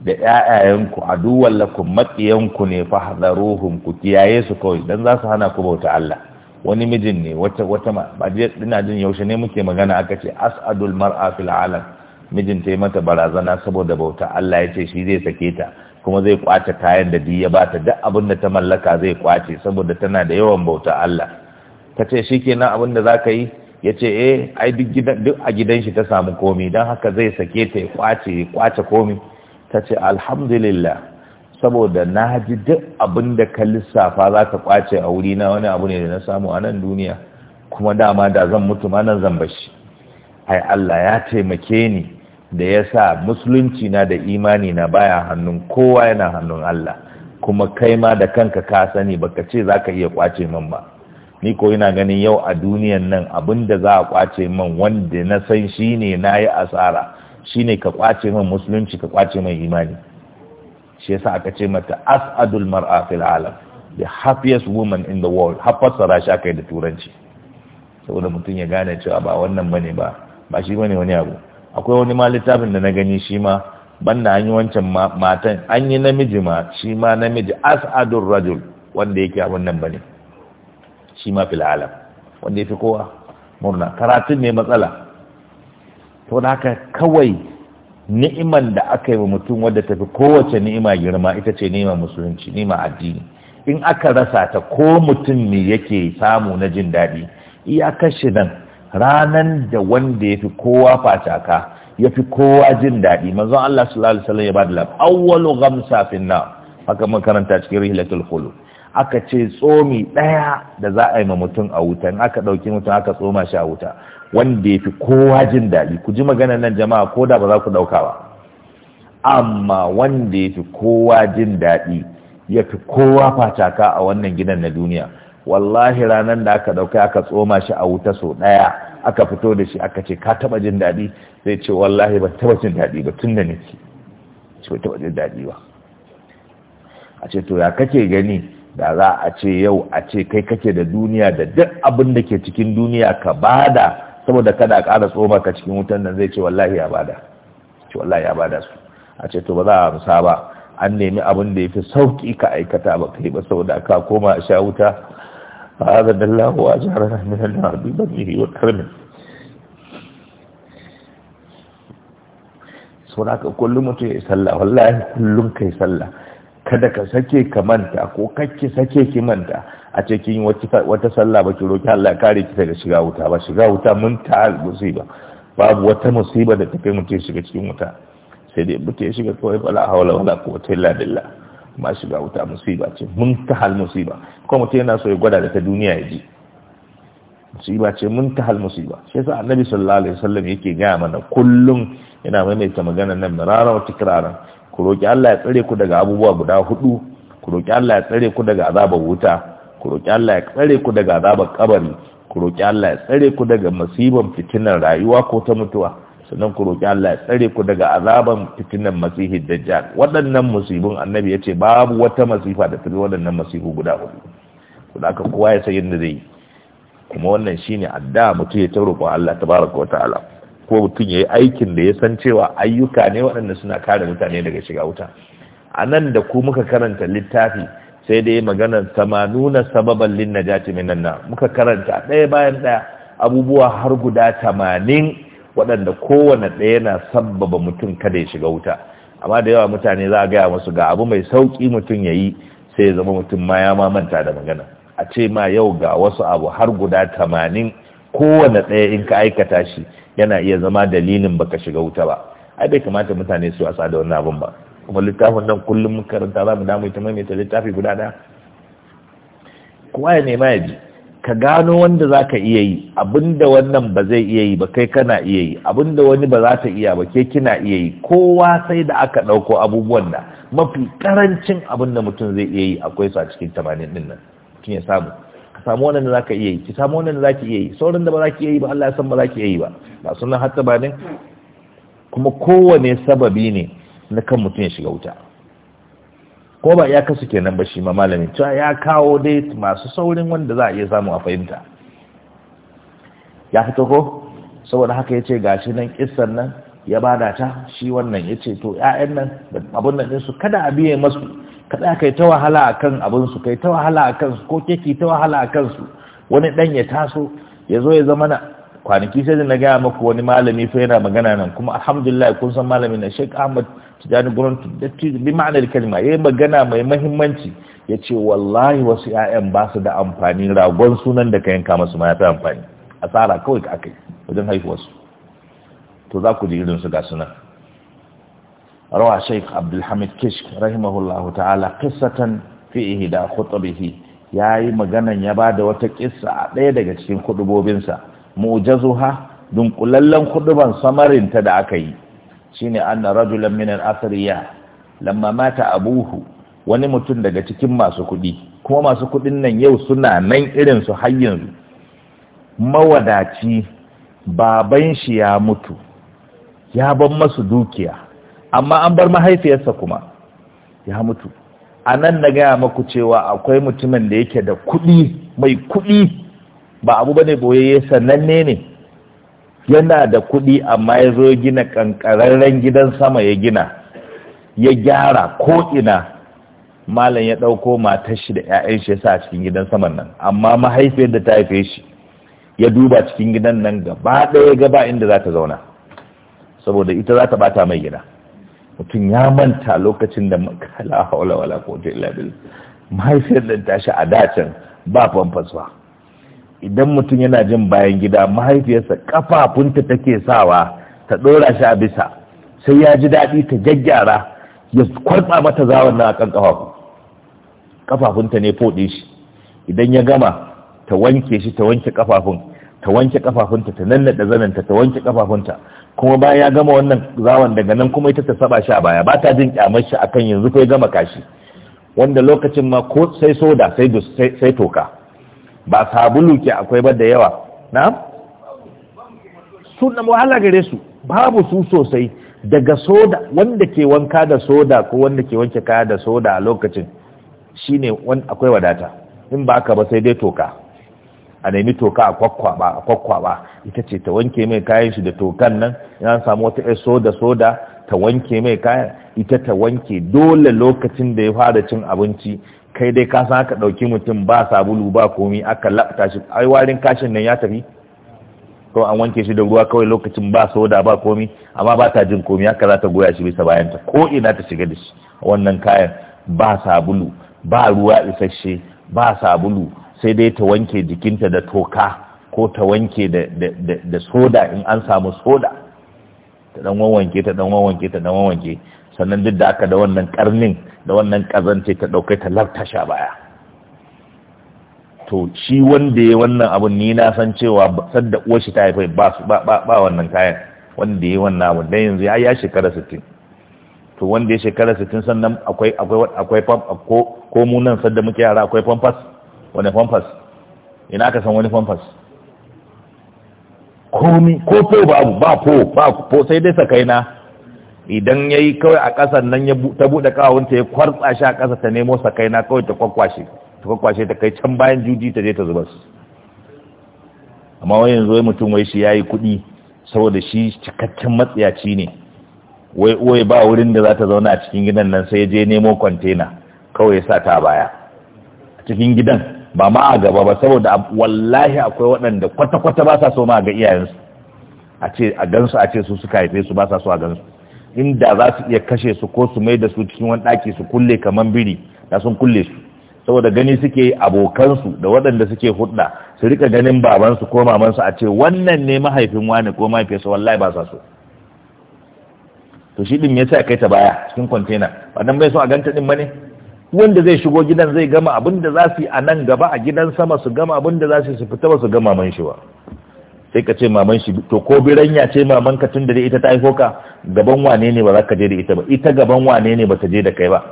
da ƴaƴayenku aduwwan lakum matsiyanku ne fa hadaruhum ku kiyaye su kawai dan za su hana ku bauta Allah wani mijin ne wata wata ba ina jin yaushe ne muke magana aka ce as'adul mar'a fil alam mijin ta mata barazana saboda bauta Allah ya ce shi zai sake ta kuma zai kwace kayan da diya ba ta duk abin da ta mallaka zai kwace saboda tana da yawan bauta Allah ta ce shikenan abin da zaka yi ya ce eh ai duk a gidan shi ta samu komi don haka zai sake ta ya kwace ya kwace komi ta ce alhamdulillah saboda na ji duk abin da ka lissafa za ka kwace a wuri na wani abu ne da na samu a nan duniya kuma dama da zan mutu ma nan zan bashi ai Allah ya taimake ni da ya sa musulunci na da imani na baya hannun kowa yana hannun Allah kuma kai ma da kanka ka sani baka ce za ka iya kwace man ba ni ko ina ganin yau a duniyan nan abin da za a kwace man wanda na san shi ne na yi asara ne ka kwace min musulunci ka kwace min imani shi yasa aka ce mata as'adul mar'a fil alam the happiest woman in the world har fassara shi aka yi da turanci saboda mutum ya gane cewa ba wannan bane ba ba shi bane wani abu akwai wani ma littafin da na gani shi ma ban an yi wancan matan an yi namiji ma shi ma namiji as'adul rajul wanda yake a wannan bane shi ma fil alam wanda yafi kowa murna karatun ne matsala to da haka kawai ni'iman da aka yi wa mutum wadda tafi kowace ni'ima girma ita ce ni'ima musulunci ni'ima addini in aka rasa ta ko mutum ne yake samu na jin daɗi iyakar shi nan ranar da wanda ya fi kowa facaka ya fi kowa jin daɗi mazan Allah sallallahu alaihi wasallam ya bada lab awwalu Gamsa fin na makaranta cikin rihlatul khulud aka ce tsomi ɗaya da za a yi ma mutum a wuta in aka ɗauki mutum aka tsoma shi a wuta wanda ya fi kowa jin daɗi ku ji magana nan jama'a ko da ba za ku ɗauka ba amma wanda ya fi kowa jin daɗi ya fi kowa fataka a wannan gidan na duniya wallahi ranar da aka ɗauka aka tsoma shi a wuta sau ɗaya aka fito da shi aka ce ka taɓa jin daɗi zai ce wallahi ba taɓa jin daɗi ba tun da nake ce ba taɓa jin daɗi ba a ce to ya kake gani da za a ce yau a ce kai kake da duniya da duk abin da ke cikin duniya ka bada saboda kada a ƙara tsoma ka cikin wutan nan zai ce wallahi ya bada ce wallahi ya bada su a ce to ba za a amsa ba an nemi abin da ya fi sauƙi ka aikata ba kai ba saboda ka koma a sha wuta a azanin lahu a jihar hannun na harbi ban yi wa karmin saboda ka kullum mutum ya yi sallah wallahi kullum ka yi sallah kada ka sake ka manta ko kake sake ki manta a ce kin wata sallah ba ki roki Allah ya kare ki daga shiga wuta ba shiga wuta mun ta'al musiba babu wata musiba da ta kai mutum shiga cikin wuta sai dai mutum ya shiga kawai bala hawala wala ta illa billah ma shiga wuta musiba ce mun ta hal musiba kuma mutum yana so ya gwada da ta duniya ya ji musiba ce mun ta hal musiba shi yasa annabi sallallahu alaihi wasallam yake ga mana kullum yana maimaita magana nan mirara wa tikrara ku roki Allah ya tsare ku daga abubuwa guda hudu ku roki Allah ya tsare ku daga azabar wuta ku roƙi Allah ya tsare ku daga azabar kabari ku roƙi Allah ya tsare ku daga masiban fitinar rayuwa ko ta mutuwa sannan ku roƙi Allah ya tsare ku daga azaban fitinar masihi dajjal waɗannan musibin annabi ya ce babu wata masifa da ta waɗannan masifu guda hudu ku da aka kowa ya san yadda zai yi kuma wannan shine adda mutum ya ta roƙon Allah tabaraka wa ta'ala ko mutum ya yi aikin da ya san cewa ayyuka ne waɗanda suna kare mutane daga shiga wuta a nan da ku muka karanta littafi sai dai maganar tamanuna sababan lin najati minan na muka karanta ɗaya bayan ɗaya abubuwa har guda tamanin waɗanda kowane ɗaya na sabbaba mutum kada ya shiga wuta amma da yawa mutane za a gaya masu ga abu mai sauƙi mutum ya yi sai ya zama mutum ma ya manta da magana a ce ma yau ga wasu abu har guda tamanin kowane ɗaya in ka aikata shi yana iya zama dalilin baka shiga wuta ba ai bai kamata mutane su wasa da wannan abun ba kuma littafin nan kullum mun karanta za mu damu ita maimaita littafi guda ɗaya kowa ya nema ya bi. ka gano wanda za ka iya yi abinda wannan ba zai iya yi ba kai kana iya yi abinda wani ba za ta iya ba ke kina iya yi kowa sai da aka ɗauko abubuwan da mafi karancin abin da mutum zai iya yi akwai su a cikin tamanin ɗin nan mutum ya samu ka samu wannan da za ka iya yi ki samu wannan da za ki iya yi sauran da ba za ki iya yi ba Allah ya san ba za ki iya yi ba ba sunan hatta ba ne kuma kowane sababi ne na kan mutum ya shiga wuta ko ba ya kasu kenan ba shi ma malamin cewa ya kawo dai masu saurin wanda za a iya samu a fahimta ya fito ko saboda haka ya ce gashi nan kissan nan ya bada ta shi wannan ya ce to 'ya'yan nan abin nan ɗinsu kada a biye masu kada kai ta wahala a kan abinsu kai ta wahala a kansu ko keki ta wahala a kansu wani ɗan ya taso ya zo ya zama na kwanaki sai da na gaya maku wani malami fa yana magana nan kuma alhamdulillah kun san malamin na sheik ahmad jani gurin dattijo bi ma'anar ya yi magana mai mahimmanci ya ce wallahi wasu 'ya'yan ba su da amfani ragon sunan da ka yanka masu ma ya fi amfani tsara kawai ka aka yi wajen haihuwarsu to za ku ji irin su ga sunan rawa sheikh abdulhamid kish rahimahullahu ta'ala fissatan fi da khutbihi yayi maganan ya bada wata kissa a ɗaya daga cikin kudubobinsa mu'jazuha dunkulallen kuduban samarinta da aka yi shine anna rajulan min Asariya athriya lamma mata abuhu wani mutum daga cikin masu kuɗi kuma masu kuɗin nan yau suna nan irin su har yanzu mawadaci baban shi ya mutu ya ban masu dukiya amma an bar mahaifiyarsa kuma ya mutu a nan na gaya maku cewa akwai mutumin da yake da kuɗi mai kuɗi ba abu bane boyayye ne ne yana da kuɗi amma ya zo gina ƙanƙararren gidan sama ya gina ya gyara ko ina malam ya ɗauko matar shi da 'ya'yan shi sa a cikin gidan saman nan amma mahaifiyar da ta haife shi ya duba cikin gidan nan gaba ɗaya gaba inda za ta zauna saboda ita za ta bata mai gida mutum ya manta lokacin da makala haula wala ko ta mahaifiyar da ta shi a dacin ba famfas idan mutum yana jin bayan gida mahaifiyarsa kafafunta take sawa ta ɗora shi a bisa sai ya ji daɗi ta gyaggyara ya kwarɓa mata zawon na kan kafafu kafafunta ne foɗe shi idan ya gama ta wanke shi ta wanke kafafun ta wanke kafafunta ta nannaɗa zananta ta wanke kafafunta kuma bayan ya gama wannan zawon daga nan kuma ita ta saba shi a baya ba ta jin kyamar shi akan yanzu ko ya gama kashi wanda lokacin ma ko sai soda sai sai toka ba sabulu ke akwai ba da yawa na Su suna wahala gare su babu su sosai daga soda wanda ke wanka da soda ko wanda ke wanke kaya da soda a lokacin shine akwai wadata in ba ka ba sai dai toka a nemi toka a kwakwaba a kwakwaba ita ce ta wanke mai kayan shi da tokan nan ya samu wata yar soda soda ta wanke mai kayan ita ta wanke dole lokacin da ya fara cin abinci kai dai ka san aka ɗauki mutum ba sabulu ba komi aka labta shi ai warin kashin nan ya tafi to an wanke shi da ruwa kawai lokacin ba soda ba komi amma ba ta jin komi aka za ta goya shi bisa bayanta ko ina ta shiga da shi wannan kayan ba sabulu ba ruwa isasshe ba sabulu sai dai ta wanke jikinta da toka ko ta wanke da soda in an samu soda ta dan wanwanke ta dan wanwanke ta dan wanwanke sannan duk da aka da wannan karnin da wannan kazance ta daukai ta sha baya to shi wanda ya wannan abun ni na san cewa sadda uwar shi ta haifa ba ba ba wannan kayan wanda ya wannan abun dan yanzu ya shekara 60 to wanda ya shekara 60 sannan akwai akwai akwai ko ko mu nan sadda muke yara akwai pampas wani pampas ina ka san wani pampas komi ko po babu ba po ba po sai dai sakaina idan ya yi kawai a ƙasar nan ta buɗe kawawunta ya kwartsa shi a ƙasa ta nemo sa kai na kawai ta kwakwashe ta kwakwashe ta kai can bayan juji ta je ta zuba su amma wani yanzu wai mutum wai shi ya yi kuɗi saboda shi cikakken matsiyaci ne wai uwai ba wurin da za ta zauna a cikin gidan nan sai ya je nemo kwantena kawai ya sa ta baya a cikin gidan ba ma a gaba ba saboda wallahi akwai waɗanda kwata-kwata ba sa so ma ga iyayensu a ce a gansu a ce su suka haife su ba sa so a gansu inda za su iya kashe su ko su mai da su cikin wani ɗaki su kulle kamar biri da sun kulle su saboda gani suke abokansu da waɗanda suke hudda su rika ganin babansu ko mamansu a ce wannan ne mahaifin wani ko mahaifiyarsa wallahi ba sa so to shi din me yasa kai ta baya cikin kwantena wannan bai so a ganta din bane wanda zai shigo gidan zai gama abin da za su yi a nan gaba a gidan sama su gama abin da za su yi su fita ba su gama man shiwa. ba sai ka ce maman shi to ko biranya ce maman ka tun da ita ta haifo ka gaban wane ne ba za ka je da ita ba ita gaban wane ne ba ta je da kai ba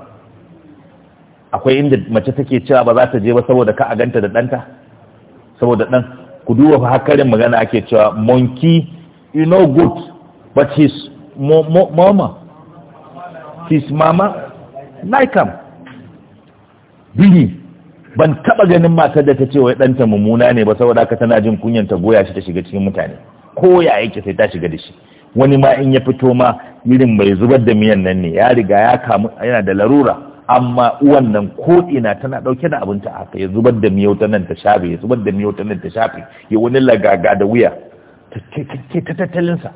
akwai inda mace take cewa ba za ta je ba saboda ka a ganta da ɗanta saboda ɗan ku duba fa hakarin magana ake cewa monkey you know good but his mama his mama like him ban taba ganin matar da ta ce wai ɗanta mummuna ne ba saboda haka tana jin kunyan ta goya shi ta shiga cikin mutane ko ya yake sai ta shiga da shi wani ma in ya fito ma irin bai zubar da miyan nan ne ya riga ya kamu yana da larura amma uwan nan ko ina tana dauke da abinta haka ya zubar da miyau ta nan ta shafe ya zubar da miyau ta nan ta shafe ya wani lagaga da wuya ke ta tattalinsa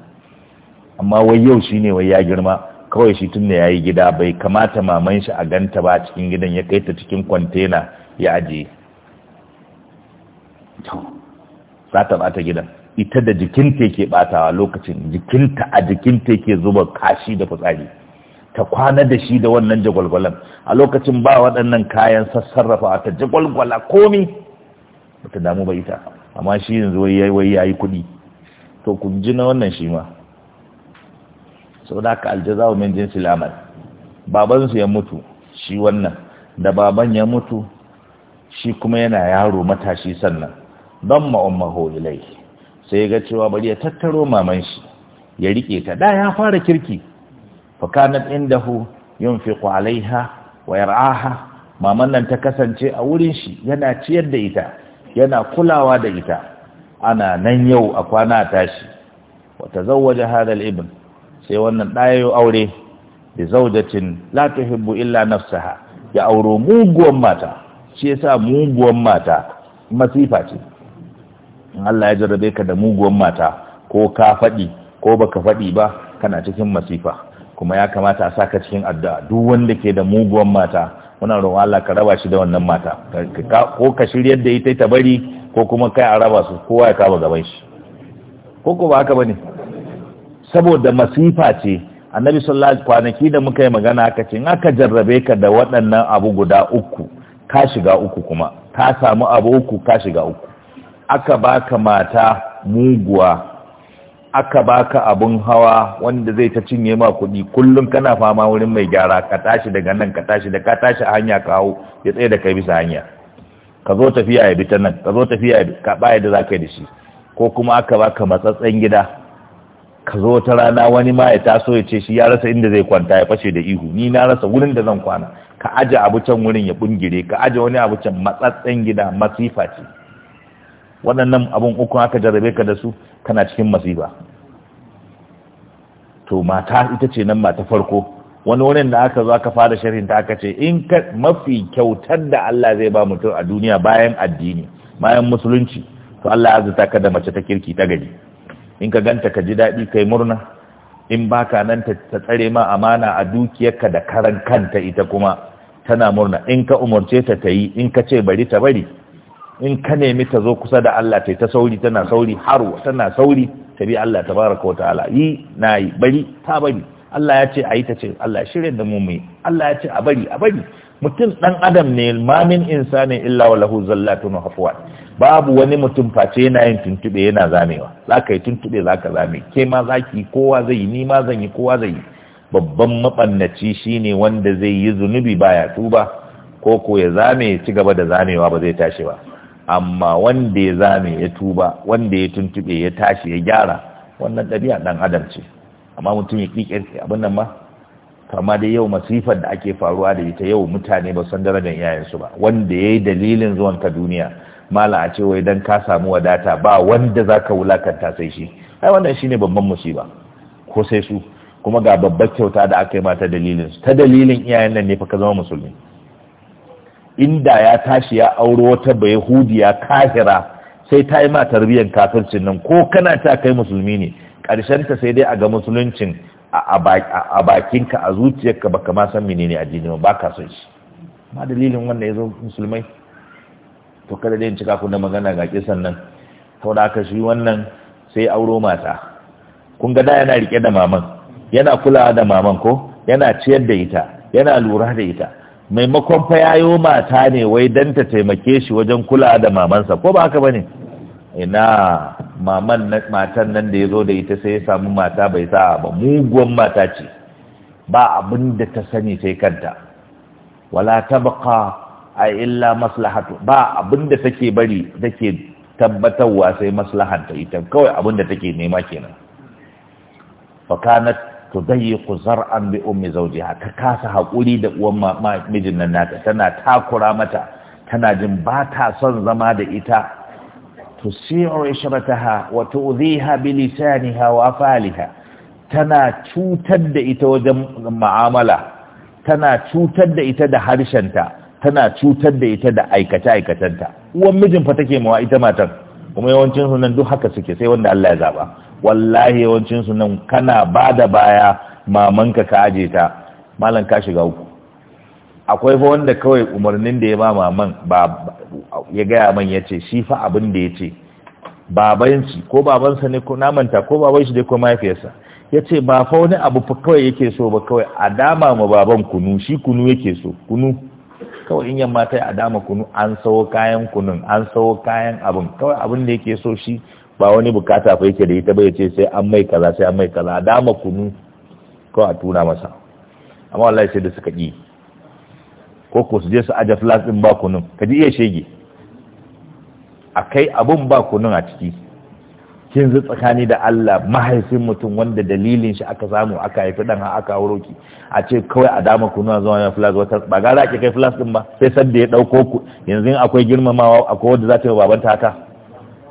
amma wai yau shi ne wai ya girma kawai shi tun da ya yi gida bai kamata maman shi a ganta ba cikin gidan ya kai ta cikin kwantena ya ajiye za ta bata gidan ita da jikinta yake batawa lokacin jikinta a jikinta yake zuba kashi da fitsari ta kwana da shi da wannan jagwalgwalan a lokacin ba waɗannan kayan sassarrafa ta jagwalgwala komi ba ta damu ba ita amma shi yanzu wai ya yi kuɗi to ku ji na wannan shi ma sau da aka aljaza wa min jinsi lamar babansu ya mutu shi wannan da baban ya mutu shi kuma yana yaro matashi sannan don ma'ummaho ilai sai ga cewa bari ya tattaro maman shi ya riƙe ta da ya fara kirki fakanat indahu yunfiqu alaiha wa yar'aha maman nan ta kasance a wurin shi yana ciyar da ita yana kulawa da ita ana nan yau a kwana tashi Wata tazawwaja hadha ibn sai wannan dayo aure da zaujacin la illa nafsaha ya auro muguwan mata shi sa muguwan mata masifa ce in Allah ya jarrabe ka da muguwan mata ko ka faɗi ko baka faɗi ba kana cikin masifa kuma ya kamata a saka cikin addu'a duk wanda ke da muguwan mata muna roƙon Allah ka raba shi da wannan mata ko ka shirya da ita ta bari ko kuma kai a raba su kowa ya kama gaban shi ko ko ba haka bane saboda masifa ce annabi sallallahu alaihi kwanaki da muka yi magana aka ce in aka jarrabe ka da waɗannan abu guda uku ka shiga uku kuma ka samu abu uku ka shiga uku aka baka mata muguwa aka baka abun hawa wanda zai ta cinye ma kuɗi kullum kana fama wurin mai gyara ka tashi daga nan ka tashi da ka tashi a hanya ka hau ya tsaye da kai bisa hanya ka zo tafiya ya bi ta nan ka zo tafiya ya bi ka baya da za da shi ko kuma aka baka matsatsen gida ka zo ta rana wani ma ya taso ya ce shi ya rasa inda zai kwanta ya fashe da ihu ni na rasa wurin da zan kwana ka aje abu can wurin ya bungire ka aje wani abu can matsatsen gida masifa ce waɗannan abun uku aka jarrabe ka da su kana cikin masifa to mata ita ce nan mata farko wani wurin da aka zo aka fara sharhin ta aka ce in ka mafi kyautar da Allah zai ba mutum a duniya bayan addini bayan musulunci to Allah ya zata ka da mace ta kirki ta gari in ka ganta ka ji daɗi kai murna in baka nan ta tsare ma amana a dukiyarka da karan kanta ita kuma tana murna in ka umarce ta ta yi in ka ce bari ta bari in ka nemi ta zo kusa da Allah ta yi, ta sauri tana sauri har tana sauri ta bi Allah tabaraka wa ta'ala yi na yi, bari ta bari Allah ya ce a yi ta ce Allah shirye da mu mu Allah ya ce a bari a bari mutum dan adam ne ma min insani illa wa lahu zallatun hafwat babu wani mutum face yana yin tuntube yana zamewa za ka yi tuntube za ka zame ke ma za ki kowa zai yi ni ma zan yi kowa zai yi babban maɓannaci shi ne wanda zai yi zunubi baya tuba ko ko ya zame ya ci gaba da zamewa ba zai tashi ba amma wanda ya zame ya tuba wanda ya tuntube ya tashi ya gyara wannan ɗabi'a ɗan adam ce amma mutum ya ƙiƙe abin nan ma kama da yau masifar da ake faruwa da ita yau mutane ba san darajar iyayensu ba wanda ya yi dalilin zuwan ka duniya mala a ce wai dan ka samu wadata ba wanda za ka wulakanta sai shi ai wannan shine babban musiba ko sai su kuma ga babbar kyauta da aka yi mata dalilin ta dalilin iyayen nan ne fa ka zama musulmi inda ya tashi ya auro wata bayahudiya kahira sai ta yi ma tarbiyyar kafircin nan ko kana ta kai musulmi ne ta sai dai a ga musuluncin a bakinka a zuciyarka baka ma san menene addini ba ka son shi ma dalilin wannan ya zo musulmai to kada dai in cika ku da magana ga kisan nan saboda aka shi wannan sai auro mata kun ga da yana rike da maman yana kulawa da maman ko yana ciyar da ita yana lura da ita maimakon fa yayo mata ne wai dan ta taimake shi wajen kulawa da mamansa ko ba haka bane ina maman matan nan da yazo da ita sai ya samu mata bai sa ba muguwan mata ce ba abinda ta sani sai kanta wala tabqa a illa maslahatu ba abinda take bari take tabbatarwa sai maslahanta ita kawai abinda take nema kenan fa kanat tudayyiqu zar'an bi ummi zawjiha ta kasa hakuri da uwan mijin nan nata tana takura mata tana jin ba ta son zama da ita tusi'u ishrataha wa tu'dhiha bi lisaniha wa afaliha tana cutar da ita wajen mu'amala tana cutar da ita da harshenta tana cutar da ita da aikace aikatanta uwan mijin fa take mawa ita matan kuma yawancin su nan duk haka suke sai wanda Allah ya zaba wallahi yawancin su nan kana bada baya mamanka ka aje ta malam ka shiga uku akwai fa wanda kawai umarnin da ya ba maman ba ya gaya man ya ce shi fa abin da ya ce babanci ko babansa ne ko namanta ko baban shi dai ko mahaifiyarsa ya ce ba fa wani abu fa kawai yake so ba kawai a dama ma baban kunu shi kunu yake so kunu kawai in yamma ta yi a dama kunu an sawo kayan kunun an sawo kayan abin kawai abin da yake so shi ba wani bukata fa yake da ita bai ya ce sai an mai kaza sai an mai kaza a dama kunu kawai a tura masa amma wallahi sai da suka ƙi ko ko su je su aje flas ɗin ba kunun ka ji iya shege a kai abin ba kunun a ciki yanzu tsakani da Allah mahaifin mutum wanda dalilin shi aka samu aka haifi dan aka wuro ki a ce kawai a dama kunuwa zuwa ya flas wata ba gara ake kai flas din ba sai sadda ya dauko ku yanzu akwai girmamawa akwai wanda za ta yi babanta haka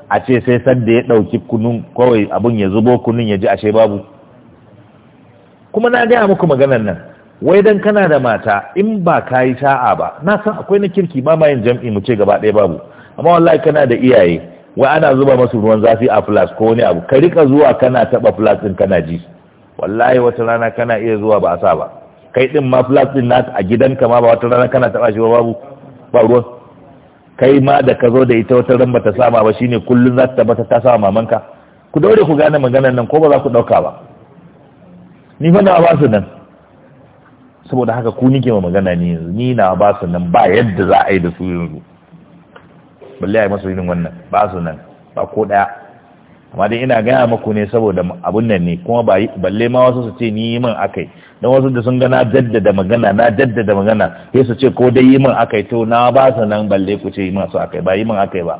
a ce sai sadda ya dauki kunun kawai abun ya zubo kunun ya ji ashe babu kuma na gaya muku maganar nan wai dan kana da mata in ba ka yi sa'a ba na san akwai na kirki ba ma yin jam'i mu ce gaba ɗaya babu amma wallahi kana da iyaye wai ana zuba masu ruwan zafi a flas ko wani abu ka rika zuwa kana taba flas din kana ji wallahi wata rana kana iya zuwa ba a sa ba kai din ma flas din na a gidan ka ma ba wata rana kana taba shi ba babu ba ruwan kai ma da ka zo da ita wata ran bata sama ba shine kullun za ta tabbata ta sama mamanka ku daure ku gane maganar nan ko ba za ku dauka ba ni fa na ba su nan saboda haka ku nike ma magana ne yanzu ni na ba su nan ba yadda za a yi da su yanzu balle ayi masu irin wannan ba su nan ba ko daya amma dai ina gaya maku ne saboda abun nan ne kuma ba balle ma wasu su ce ni yi min akai dan wasu da sun ga na jaddada magana na jaddada magana sai su ce ko dai yi min akai to na ba su nan balle ku ce yi min su akai ba yi min akai ba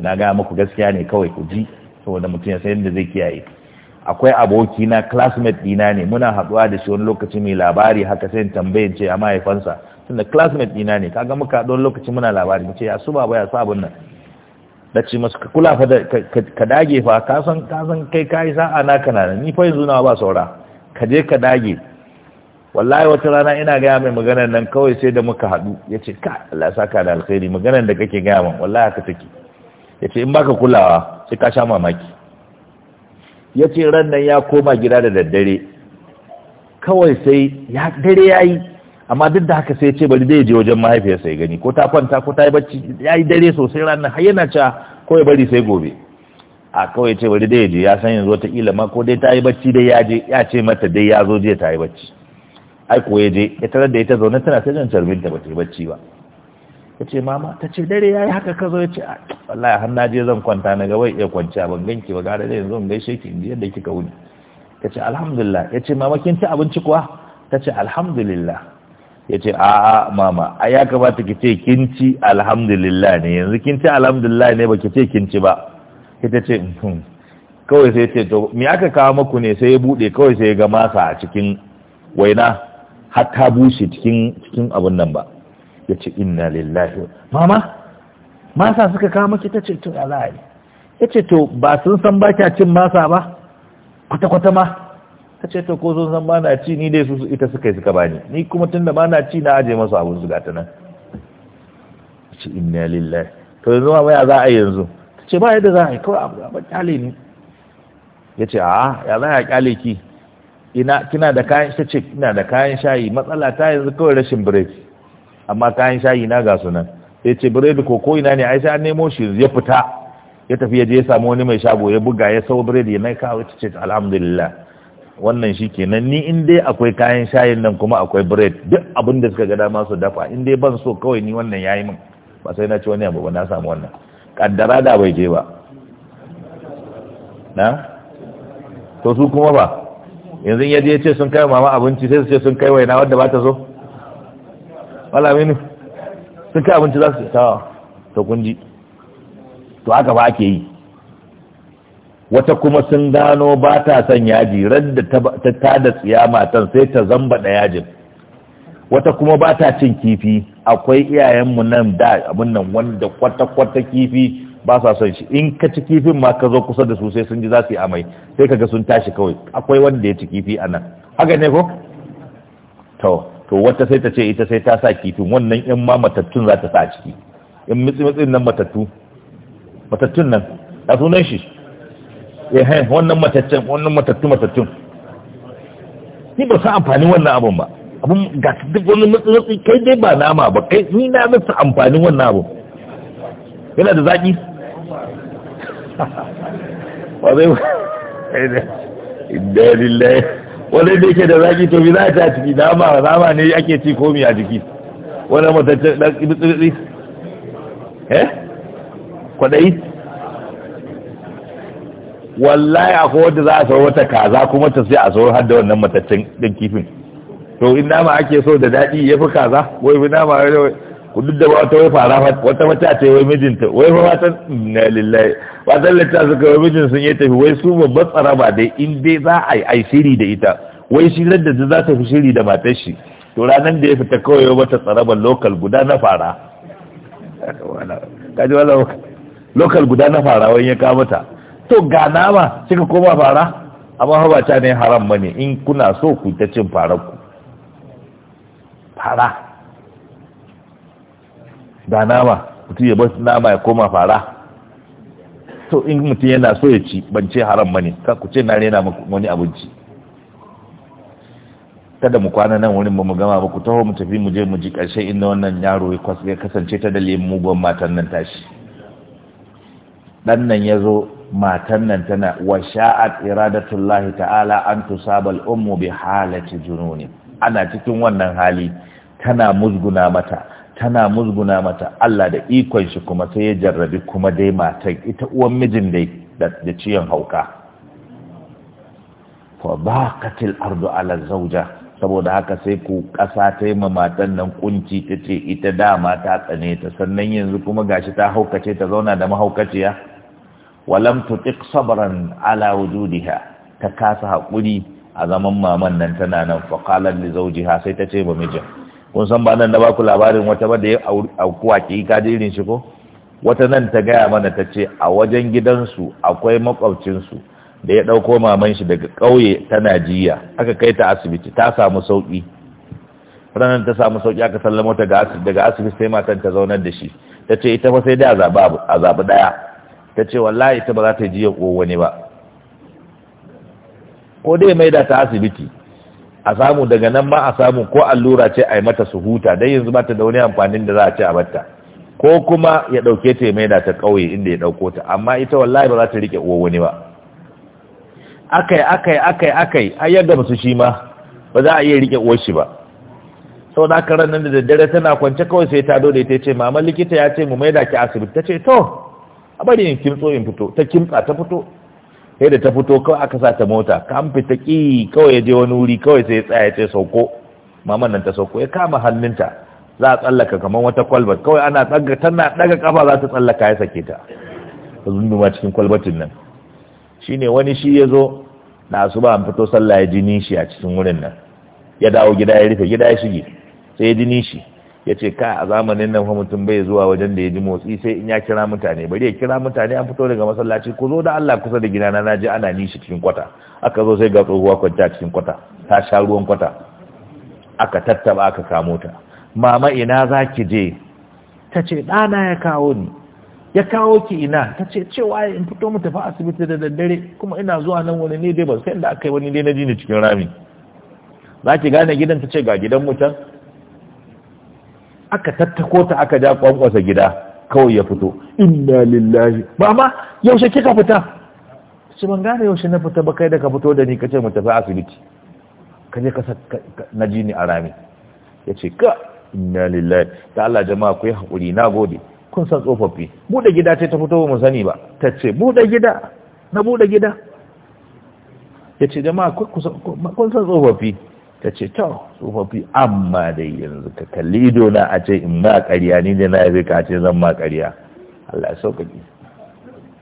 ina gaya maku gaskiya ne kawai ku ji saboda mutum ya san yadda zai kiyaye akwai aboki na classmate dina ne muna haɗuwa da shi wani lokaci mai labari haka sai tambayin ce a mahaifansa tunda classmate dina ne kaga muka don lokaci muna labari mu ce ya su baba ya sa abun nan da ce masu kula fa ka dage fa ka san ka san kai kai sa'a na kana ni fa yanzu na ba saura ka je ka dage wallahi wata rana ina gaya mai maganar nan kawai sai da muka haɗu yace ka Allah saka da alkhairi maganar da kake gaya min wallahi ka take yace in baka kulawa sai ka sha mamaki yace ran nan ya koma gida da daddare kawai sai ya dare ya yi amma duk da haka sai ya ce bari zai je wajen mahaifiyarsa ya gani ko ta kwanta ko ta yi bacci ya yi dare sosai ranar har yana ca ko ya bari sai gobe a kawai ce bari dai je ya san yanzu wata kila ma ko dai ta yi bacci dai ya je ya ce mata dai ya zo je ta yi bacci ai ko ya je ya tarar da ita zaune tana sai jan carbinta ba ta yi bacci ba ta ce mama ta ce dare ya yi haka ka zo ya ce ah, wallahi har na je zan kwanta na ga wai iya kwanciya ban ganki ba gara da yanzu in gaishe ki inji yadda kika wuni ta ce alhamdulillah ya ce mama kin ci abinci kuwa ta ce alhamdulillah ya ce a'a mama a ya kamata ki ce kin ci alhamdulillah ne yanzu kin ci alhamdulillah ne ba ki ce kin ci ba ita ce hmm. kawai sai ce to me aka kawo maku ne sai ya bude kawai sai ya ga masa a cikin waina har ta bushe cikin cikin abun nan ba ya ce inna lillahi mama masa suka kawo maki ta ce to ya ya ce to ba sun san ba kya cin masa ba kwata-kwata ma ta ce to ko sun san ba na ci ni dai su ita suka yi suka bani ni kuma tun da ba na ci na aje masu abin su gata nan ce inna lillahi to yanzu ma ya za a yanzu ta ce ba yadda za a yi kawai abu ba kyale ni ya ce a ya za a kyale ki ina kina da kayan ta ce kina da kayan shayi matsala ta yanzu kawai rashin biredi amma kayan shayi na ga nan. Ya ce biredi ko ko ina ne ai sai an nemo shi ya fita ya tafi ya je ya samu wani mai shago ya buga ya sau biredi ya mai kawo ta ce alhamdulillah wannan shi kenan ni in dai akwai kayan shayin nan kuma akwai bread duk abin da suka ga dama su dafa in dai ban so kawai ni wannan yayi min ba sai na ci wani abu ba na samu wannan kaddara da bai je ba na to su kuma ba yanzu ya je ce sun kai mama abinci sai su ce sun kai waina wanda ba ta so wala mini sun kai abinci za su ta to kun ji to haka ba ake yi wata kuma sun gano ba ta son yaji radda ta tada tsiya matan sai ta zamba da yajin wata kuma ba ta cin kifi akwai iyayenmu nan da abin nan wanda kwata-kwata kifi ba sa son shi in ka ci kifin ma ka zo kusa da su sai sun ji za su yi amai sai kaga sun tashi kawai akwai wanda ya ci kifi a nan haka ne ko to to wata sai ta ce ita sai ta sa kifin wannan in ma matattun za ta sa ciki in mitsi-mitsin nan matattu matattun nan a sunan shi eh wannan matattun wannan matattu matattun ni ba san amfanin wannan abun ba abun ga duk wani matsatsi kai dai ba nama ba kai ni na rasa amfanin wannan abun yana da zaki ba zai da lillahi wani da yake da zaki to bi za ta ciki nama nama ne ake ci komi a jiki wani matattun dan tsitsi eh wallahi a wanda za a sayo wata kaza kuma ta sai a sayo har da wannan matattun ɗin kifin to in nama ake so da daɗi ya fi kaza wai fi nama ku duk da wata wai fara wata mata ce wai mijinta wai fa matan na lillahi matan lata suka wai mijin sun yi tafi wai su babban tsara ba dai in dai za a yi ai shiri da ita wai shi da za ta fi shiri da matar shi to ranar da ya fita kawai wai mata tsaraban lokal guda na fara kaji wala lokal guda na fara wai ya kawo mata to ga nama suka koma fara amma haba ta ne haram ne in kuna so ku ta cin fara, ku fara ga nama mutum ya basu nama ya koma fara to in mutum yana so ya ci ban ce haram ne, ka ku ce na rena wani abinci kada mu kwana nan wurin ba mu gama ba ku taho mu tafi mu je mu ji ƙarshe inda wannan yaro ya kasance ta dalilin mugun matan nan tashi dan nan ya zo matan nan tana wa sha'at iradatullahi ta'ala an tusabal ummu bi halati jununi ana cikin wannan hali tana musguna mata tana musguna mata Allah da ikon shi kuma sai ya jarrabi kuma dai matan ita uwan mijin dai da ciyan hauka fa baqatil ardu ala zawja saboda haka sai ku kasa ta yi matan nan kunci tace ita dama ta tsane ta sannan yanzu kuma gashi ta haukace ta zauna da mahaukaciya walam tutiq sabran ala wujudiha ta kasa hakuri a zaman maman nan tana nan fa qalat li zawjiha sai ta ce ba mijin kun san ba nan da baku labarin wata ba da ya aukuwa ki ka ji irin shi ko wata nan ta gaya mana ta ce a wajen gidansu akwai makwabcinsu da ya ɗauko maman shi daga ƙauye ta Najiya aka kai ta asibiti ta samu sauƙi ranar ta samu sauƙi aka sallama ta daga asibiti sai matan ta zaunar da shi ta ce ita fa sai da a zaɓi ɗaya ta ce wallahi ta ba za ta ji ya wani ba ko dai mai da ta asibiti a samu daga nan ma a samu ko allura ce a yi mata su huta dai yanzu ba da wani amfanin da za a ce a batta ko kuma ya ɗauke ta mai da ta kauye inda ya ɗauko ta amma ita wallahi ba za ta riƙe uwa wani ba akai akai akai akai har yadda ba shi ma ba za a iya riƙe uwar shi ba sau da aka nan da daddare tana kwance kawai sai ta dole ta ce mama likita ya ce mu mai da ki asibiti ta ce to a bari in kimtso in fito ta kimtsa ta fito sai da ta fito kawai aka sa ta mota kan fita ki kawai ya je wani wuri kawai sai ya tsaya ya ce sauko maman nan ta sauko ya kama hannunta za a tsallaka kamar wata kwalbar kawai ana tsaga tana daga kafa za ta tsallaka ya sake ta ta zunduma cikin kwalbatin nan Shi ne wani shi ya zo da asuba an fito sallah ya jini shi a cikin wurin nan ya dawo gida ya rufe gida ya shige sai ya ji nishi. ya ce ka a zamanin nan fa mutum bai zuwa wajen da ya ji motsi sai in ya kira mutane bari ya kira mutane an fito daga masallaci ku zo da Allah kusa da gidana na naji ana nishi cikin kwata aka zo sai ga tsohuwa kwanta cikin kwata ta sha ruwan kwata aka tattaba aka kamo ta mama ina za je ta ce ɗana ya kawo ni ya kawo ki ina ta ce cewa in fito mu tafi asibiti da daddare kuma ina zuwa nan wani ne dai ba sai da aka yi wani dai na ni cikin rami za ki gane gidan ta ce ga gidan mutan aka tattako ta aka ja kwankwasa gida kawai ya fito inna lillahi mama yaushe kika fita su ban gane yaushe na fita ba kai da ka fito da ni kace mu tafi asibiti ka je ka na ji ni a rami Ya ce ka inna lillahi ta Allah jama'a ku yi hakuri na gode kun san tsofaffi buɗe gida ce ta fito ba mu sani ba ta ce buɗe gida na buɗe gida ya ce jama'a kun san tsofaffi ta ce to tsofaffi amma dai yanzu ka kalli ido na a ce in ma ƙarya ni da na yabe ka zan ma ƙarya Allah ya sauƙaƙi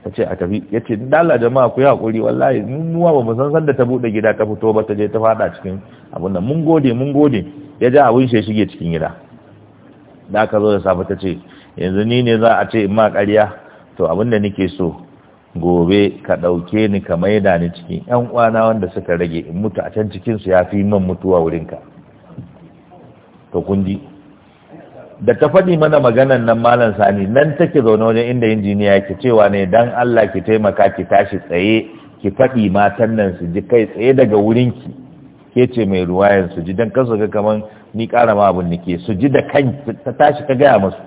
ta ce a tafi ya ce dala jama'a ku yi haƙuri wallahi nuwa ba mu san sanda ta buɗe gida ta fito ba ta je ta faɗa cikin abin da mun gode mun gode ya ja abin shi shige cikin gida da aka zo da safe ta ce yanzu ni ne za a ce in ma ƙarya to abin da nake so gobe ka ɗauke ni ka maida ni cikin ‘yan uwana wanda suka rage in mutu a can cikinsu ya fi man mutuwa wurinka to kundi da ta faɗi mana maganan nan malam sani nan take zaune wajen inda injiniya ke cewa ne dan Allah ki taimaka ki tashi tsaye ki faɗi matan nan su ji kai tsaye daga wurinki ke ce mai ruwayan su ji dan kansu ga kaman ni ƙara ma abin nike su ji da kan ta tashi ka gaya masu,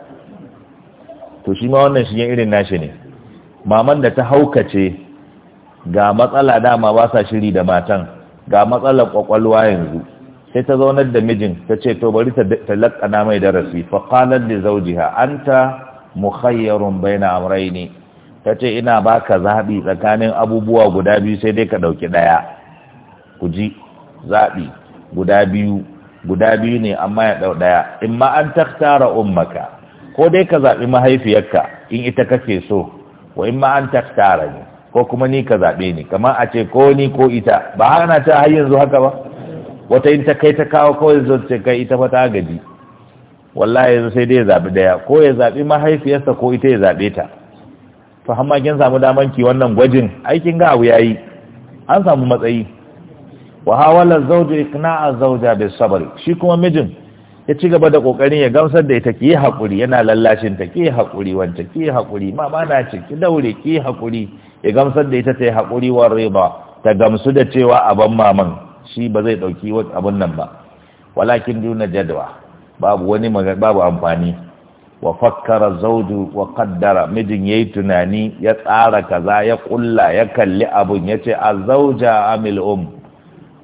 to shi ma wannan shi irin nashi ne maman da ta haukace ga matsala dama ba sa shiri da matan ga matsalar kwakwalwa yanzu sai ta zaunar da mijin ta ce to bari ta lakana mai darasi fa qalat li zawjiha anta mukhayyarun baina amrayni ce ina baka zabi tsakanin abubuwa guda biyu sai dai ka dauki daya ji zabi guda biyu guda biyu ne amma ya dau daya in ma an taktara ummaka ko dai ka zabi mahaifiyarka in ita kake so wa in ma an tattara ni ko kuma ni ka zaɓe ni kamar a ce ko ni ko ita ba hana ta har yanzu haka ba wata in ta kai ta kawo kawai ta ce kai ita fa ta gaji wallahi yanzu sai dai ya zaɓi daya ko ya zaɓi mahaifiyarsa ko ita ya zaɓe ta to amma kin samu daman ki wannan gwajin aikin ga abu yayi an samu matsayi wa hawala zawju iqna'a zawja bis sabr shi kuma mijin ya ci gaba da kokarin ya gamsar da ita ki hakuri yana lallashin ta ki hakuri wanda ki hakuri ma ba na ci ki daure ki hakuri ya gamsar da ita ta yi hakuri wa riba ta gamsu da cewa aban maman shi ba zai dauki abun nan ba walakin duna jadwa babu wani babu amfani wa fakkara zawju wa qaddara mijin yayi tunani ya tsara kaza ya kulla ya kalli abun yace azauja amil um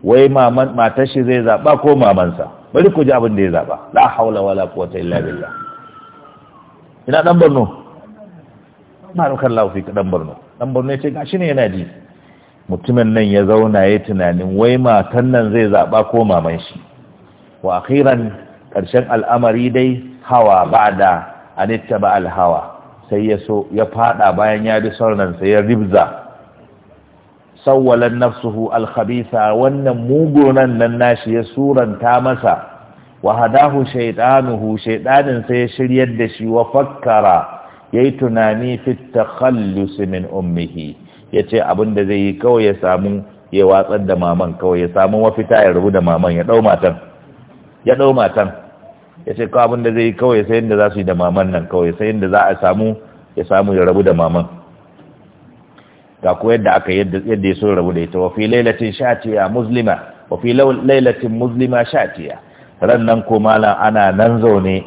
wai maman matar shi zai zaba ko mamansa bari ku ji abin da ya zaba la haula wala quwwata illa billah ina dan Borno barukan Allah fi dan Borno dan Borno yace gashi ne yana ji mutumin nan ya zauna ya tunanin wai matan nan zai zaba ko maman shi wa akhiran karshen al'amari dai hawa ba'da anittaba al hawa sai ya so ya fada bayan ya bi sauran sai ya ribza sawwalan nafsuhu alkhabisa wannan mugunan nan nashi ya suranta masa wa hadahu shaytanuhu shaytanin sai ya shiryar da shi wa fakkara yayi tunani fi takhallus min ummihi yace abin da zai yi kawai ya samu ya watsar da maman kawai ya samu mafita ya rubu da maman ya dau matan ya dau matan yace kawai abin da zai yi kawai sai inda za su yi da maman nan kawai sai inda za a samu ya samu ya rabu da maman ga ko yadda aka yadda ya so rabu da ita wa fi lailatin shatiya muslima wa fi lailatin muslima shatiya rannan ko malam ana nan zaune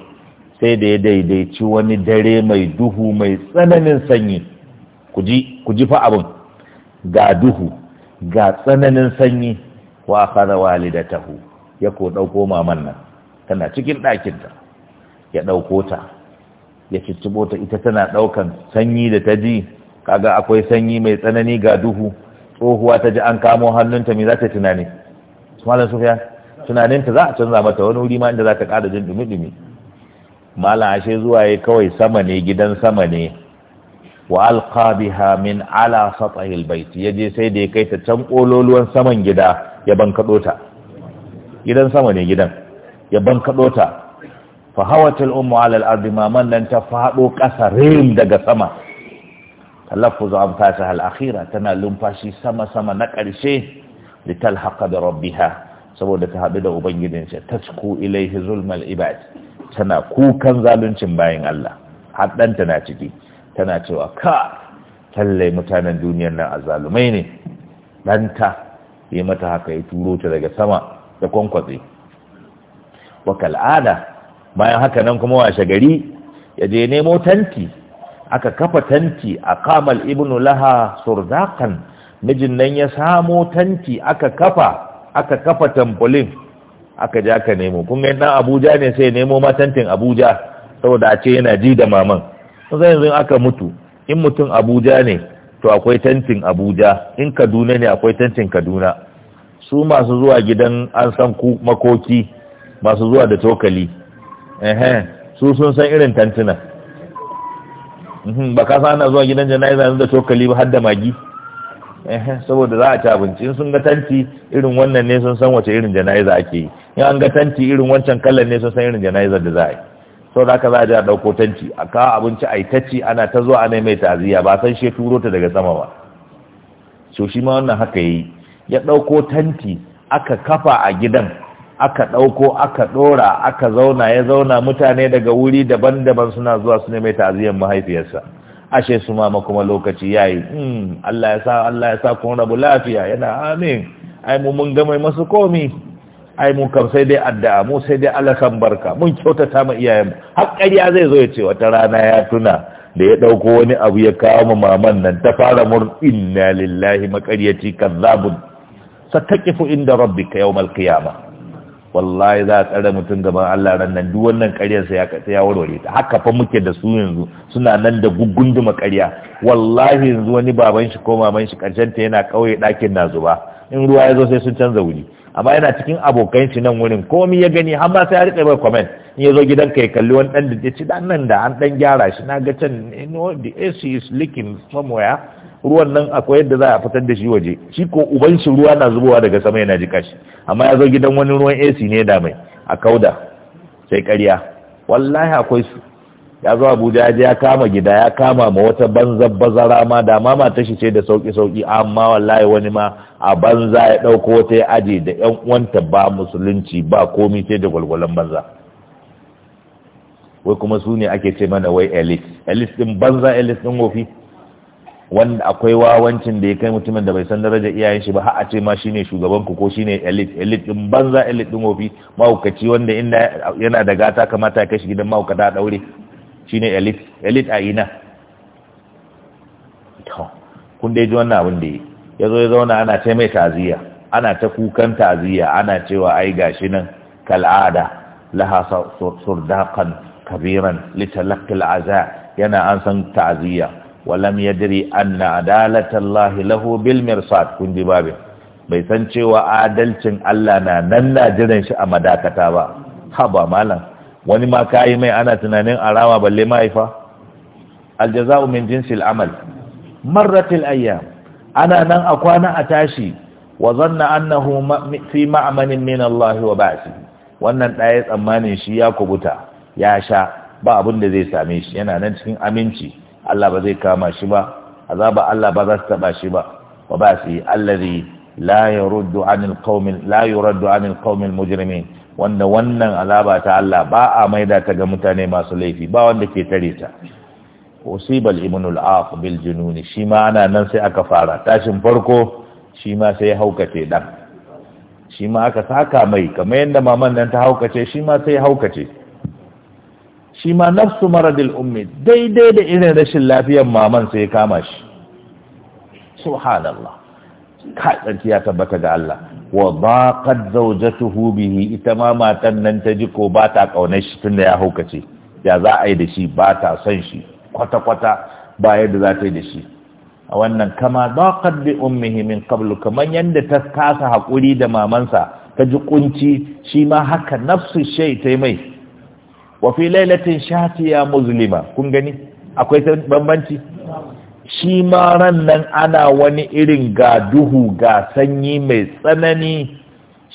sai da ya daidaici wani dare mai duhu mai tsananin sanyi ku ji fa abun ga duhu ga tsananin sanyi wa kada walidatahu ya ko dauko maman nan tana cikin ta ya dauko ta ya ciccibo ta ita tana daukan sanyi da ta ji kaga akwai sanyi mai tsanani ga duhu tsohuwa ta ji an kamo hannunta me za ta tunani malam sufiya tunaninta za a canza mata wani wuri ma inda za ta kada jin dumi-dumi malam ashe zuwa ya kawai sama ne gidan sama ne wa alqa biha min ala satahil ya yaje sai da ya kai ta can kololuwan saman gida ya bankado ta gidan sama ne gidan ya bankado ta fa hawatul ummu ala al ma man lan ta fado kasa rim daga sama talaffuzu amfasa al-akhira tana numfashi sama sama na ƙarshe litalhaqa bi rabbiha saboda ta haɗu da ubangijinsa tasku ilaihi zulmal ibad tana kukan zaluncin bayan Allah haddanta na ciki tana cewa ka talle mutanen duniyar nan azalumai ne Ɗanta yi mata haka ya turo ta daga sama da kwankwatse wa kal'ada bayan haka nan kuma washe gari ya je nemo aka kafa tanti a kamal ibnu laha surdakan mijin nan ya samo tanti aka kafa aka kafa tambolin aka ja ka nemo kun ga dan abuja ne sai nemo ma tantin abuja saboda a ce yana ji da maman sai yanzu aka mutu in mutum abuja ne to akwai tantin abuja in kaduna ne akwai tantin kaduna su masu zuwa gidan an san ku makoki masu zuwa da cokali su sun san irin tantuna. Mhm, ba ka ana zuwa gidan jana'iza yanzu da cokali ba har da magi saboda za a ci abinci in sun ga tanti irin wannan ne sun san wace irin jana'iza ake yi in an ga tanti irin wancan kallon ne sun san irin jana'izar da za a yi sau da aka za a ji a ɗauko tanti a kawo abinci a yi tacci ana ta zuwa ana mai ta'aziyya ba san shi turo ta daga sama ba so shi ma wannan haka yi ya ɗauko tanti aka kafa a gidan aka ɗauko aka ɗora aka zauna ya zauna mutane daga wuri daban-daban suna zuwa su neme ta'aziyar mahaifiyarsa ashe su ma kuma lokaci yayi mm Allah ya sa Allah ya sa kun rabu lafiya yana amin ai mu mun ga mai masu komi ai mu kam sai dai addu'a mu sai dai Allah san barka mun kyautata ma iyayen har ƙarya zai zo ya ce wata rana ya tuna da ya ɗauko wani abu ya kawo ma maman nan ta fara mur inna lillahi maƙaryaci kazzabun sataqifu inda rabbika yawmal qiyamah wallahi za a tsare mutum gaban Allah ran nan duk wannan ƙaryar sa ya ya warware ta haka fa muke da su yanzu suna nan da gugunduma ƙarya wallahi yanzu wani baban shi ko maman shi karshen ta yana kauye ɗakin na ba. in ruwa ya zo sai sun canza wuri amma yana cikin abokan shi nan wurin komai ya gani har ma sai ya rike bai comment in ya zo gidan kai ya kalli wani dan da ya ci dan nan da an dan gyara shi na ga can the AC is leaking somewhere ruwan nan akwai yadda za a fitar da shi waje shi ko uban shi ruwa na zubowa daga sama yana jika shi amma ya zo gidan wani ruwan AC ne da mai a kauda sai ƙarya wallahi akwai su ya zo Abuja ya ya kama gida ya kama ma wata banza bazara ma da ma mata shi ce da sauki sauki amma wallahi wani ma a banza ya dauko wata ya aje da yan uwanta ba musulunci ba komai sai da gwalgwalan banza wai kuma su ne ake ce mana wai elite elite din banza elite din wofi wanda akwai wawancin da ya kai mutumin da bai san daraja iyayen shi ba har a ce ma shine shugaban ku ko shine elite elite din banza elite din ofi mahaukaci wanda inda yana da gata kamata ya kai shi gidan mahaukata a daure shine elite elite a ina to kun dai ji wannan abin da ya zo ya zauna ana ce mai taziya ana ta kukan taziya ana cewa ai gashi nan kal'ada laha surdaqan kabiran litalaqi azaa yana an san taziya walam yadri anna adalatallahi lahu bil mirsad kun ji babin bai san cewa adalcin Allah na nan na jiran shi a madakata ba haba malam wani ma kayi mai ana tunanin arama balle mahaifa aljaza'u min jinsil amal marratil ayyam ana nan a kwana a tashi wa zanna annahu fi ma'amanin min Allah wa ba'si wannan ɗaya tsammanin shi ya kubuta ya sha ba abin da zai same shi yana nan cikin aminci Allah ba zai kama shi ba azaba Allah ba za su taba shi ba wa ba su allazi la yurdu anil qaumin la yurdu anil qaumil mujrimin wanda wannan alaba ta Allah ba a maida ta ga mutane masu laifi ba wanda ke tare ta usibal ibn al-aq bil junun shi ma ana nan sai aka fara tashin farko shi ma sai ya haukace dan shi ma aka saka mai kamar yadda maman nan ta haukace shi ma sai ya haukace shi ma nafsu maradil ummi daidai da irin rashin lafiyar maman sai kama shi subhanallah ka tsarki ya tabbata ga Allah wa baqat zawjatuhu bihi ita ma matan nan ta ji ko ba ta kaunar shi tunda ya haukace ya za a yi da shi ba ta son shi kwata kwata ba yadda za ta yi da shi a wannan kama baqat bi ummihi min qablu kaman yanda ta kasa hakuri da mamansa ta ji kunci shi ma haka nafsu shay yi mai wa fi lailatin shatiya muslima kun gani akwai bambanci shi ma ran nan ana wani irin ga duhu ga sanyi mai tsanani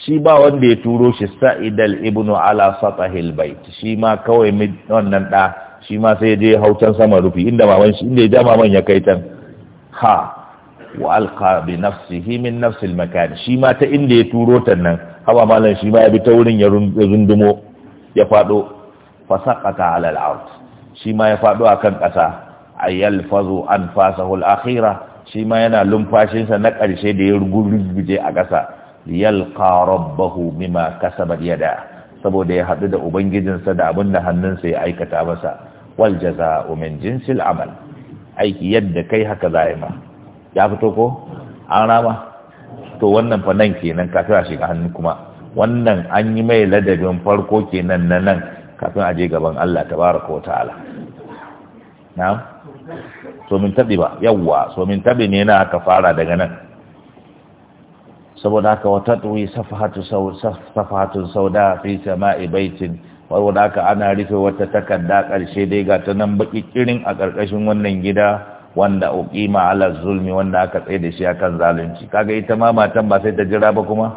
shi ba wanda ya turo shi sa'idal ibnu ala satahil bait shi ma kawai wannan da shi ma sai je hautan sama rufi inda maman shi inda ya ja maman ya kai tan ha wa alqa bi nafsihi min nafsil makan shi ma ta inda ya turo ta nan haba malam shi ma ya bi ta wurin ya zundumo ya fado fasaqata ala al-ard shi ma ya fado akan kasa ayalfazu anfasahu al-akhira shi ma yana lumfashin sa na karshe da ya rugurguje a kasa yalqa rabbahu bima kasaba yada saboda ya hadu da ubangijinsa da abin da hannunsa ya aikata masa wal jazaa'u min jinsil amal aiki yadda kai haka zai ma ya fito ko an rama to wannan fa nan kenan ka a shi hannun kuma wannan an yi mai ladabin farko kenan na nan kafin a je gaban Allah tabaraka wa ta'ala na'am so min tabi ba yawwa so min tabi ne na aka fara daga nan saboda haka wata tuwi safahatun sauda fi sama'i baitin wadda haka ana rufe wata takarda ƙarshe dai ga ta nan baki kirin a ƙarƙashin wannan gida wanda uƙi ala zulmi wanda aka tsaye da shi akan zalunci kaga ita ma matan ba sai ta jira ba kuma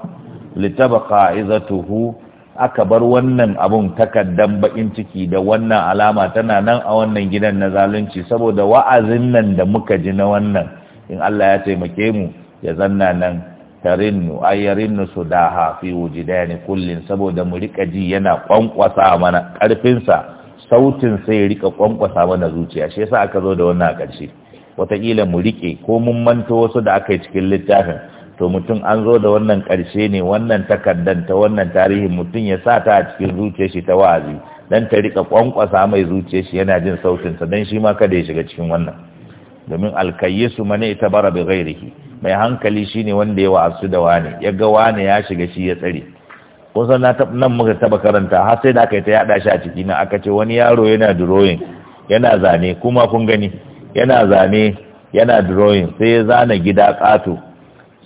litabqa izatuhu aka bar wannan abun takaddan bakin ciki da wannan alama tana nan a wannan gidan na zalunci saboda wa'azin nan da muka ji na wannan in Allah ya taimake mu ya zanna nan tarinnu ayarinnu sudaha fi wujidani kullum saboda mu rika ji yana kwankwasa mana karfin sa sautin sai ya rika kwankwasa mana zuciya shi yasa aka zo da wannan a ƙarshe wataƙila mu rike ko mun manta wasu da aka yi cikin littafin to mutum an zo da wannan ƙarshe ne wannan takardan ta wannan tarihin mutum ya sa ta a cikin zuciya shi ta wa'azi dan ta rika kwankwasa mai zuciya shi yana jin sautin sa dan shi ma kada ya shiga cikin wannan domin alkayyisu mane ita bara bi ghairihi mai hankali shine wanda ya wa'azu da wani ya ga wani ya shiga shi ya tsare kusan na nan muka taba karanta har sai da aka ta yada shi a ciki na aka ce wani yaro yana drawing yana zane kuma kun gani yana zane yana drawing sai ya zana gida ƙato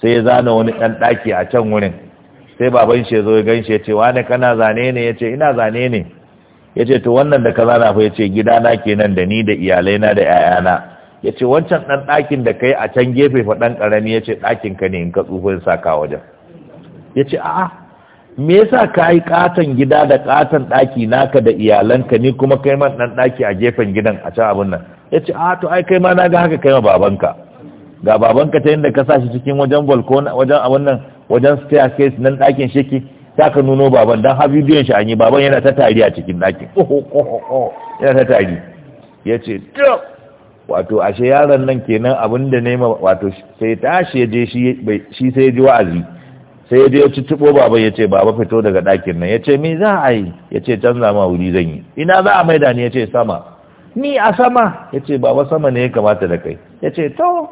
sai ya zana wani ɗan ɗaki a can wurin sai baban shi ya zo ya gan shi ya ce wani kana zane ne ya ce ina zane ne ya ce to wannan da ka zana fa ya ce ke nan da ni da iyalai na da 'ya'yana ya ce wancan ɗan ɗakin da ka yi a can gefe fa ɗan ƙarami ya ce ɗakin ka ne in ka tsufa ya sa ka wajen ya ce a'a me yasa ka yi ƙaton gida da ƙaton ɗaki naka da iyalanka ni kuma kai man ɗan ɗaki a gefen gidan a can abin nan ya ce a'a to ai kai ma na ga haka kai ma babanka ga babanka ta yadda ka sa shi cikin wajen balkon wajen a wannan wajen staircase nan ɗakin shiki ta ka nuno baban don har bidiyon shi an yi baban yana ta tari a cikin ɗakin yana ta tari ya ce wato ashe yaron nan kenan abin da nema wato sai tashi ya je shi sai ya ji wa'azi sai ya je ya tuttuɓo baban ya ce baba fito daga ɗakin nan ya ce me za a yi ya ce canza ma wuri zan yi ina za a maida ni ya ce sama ni a sama ya ce baba sama ne ya kamata da kai ya ce to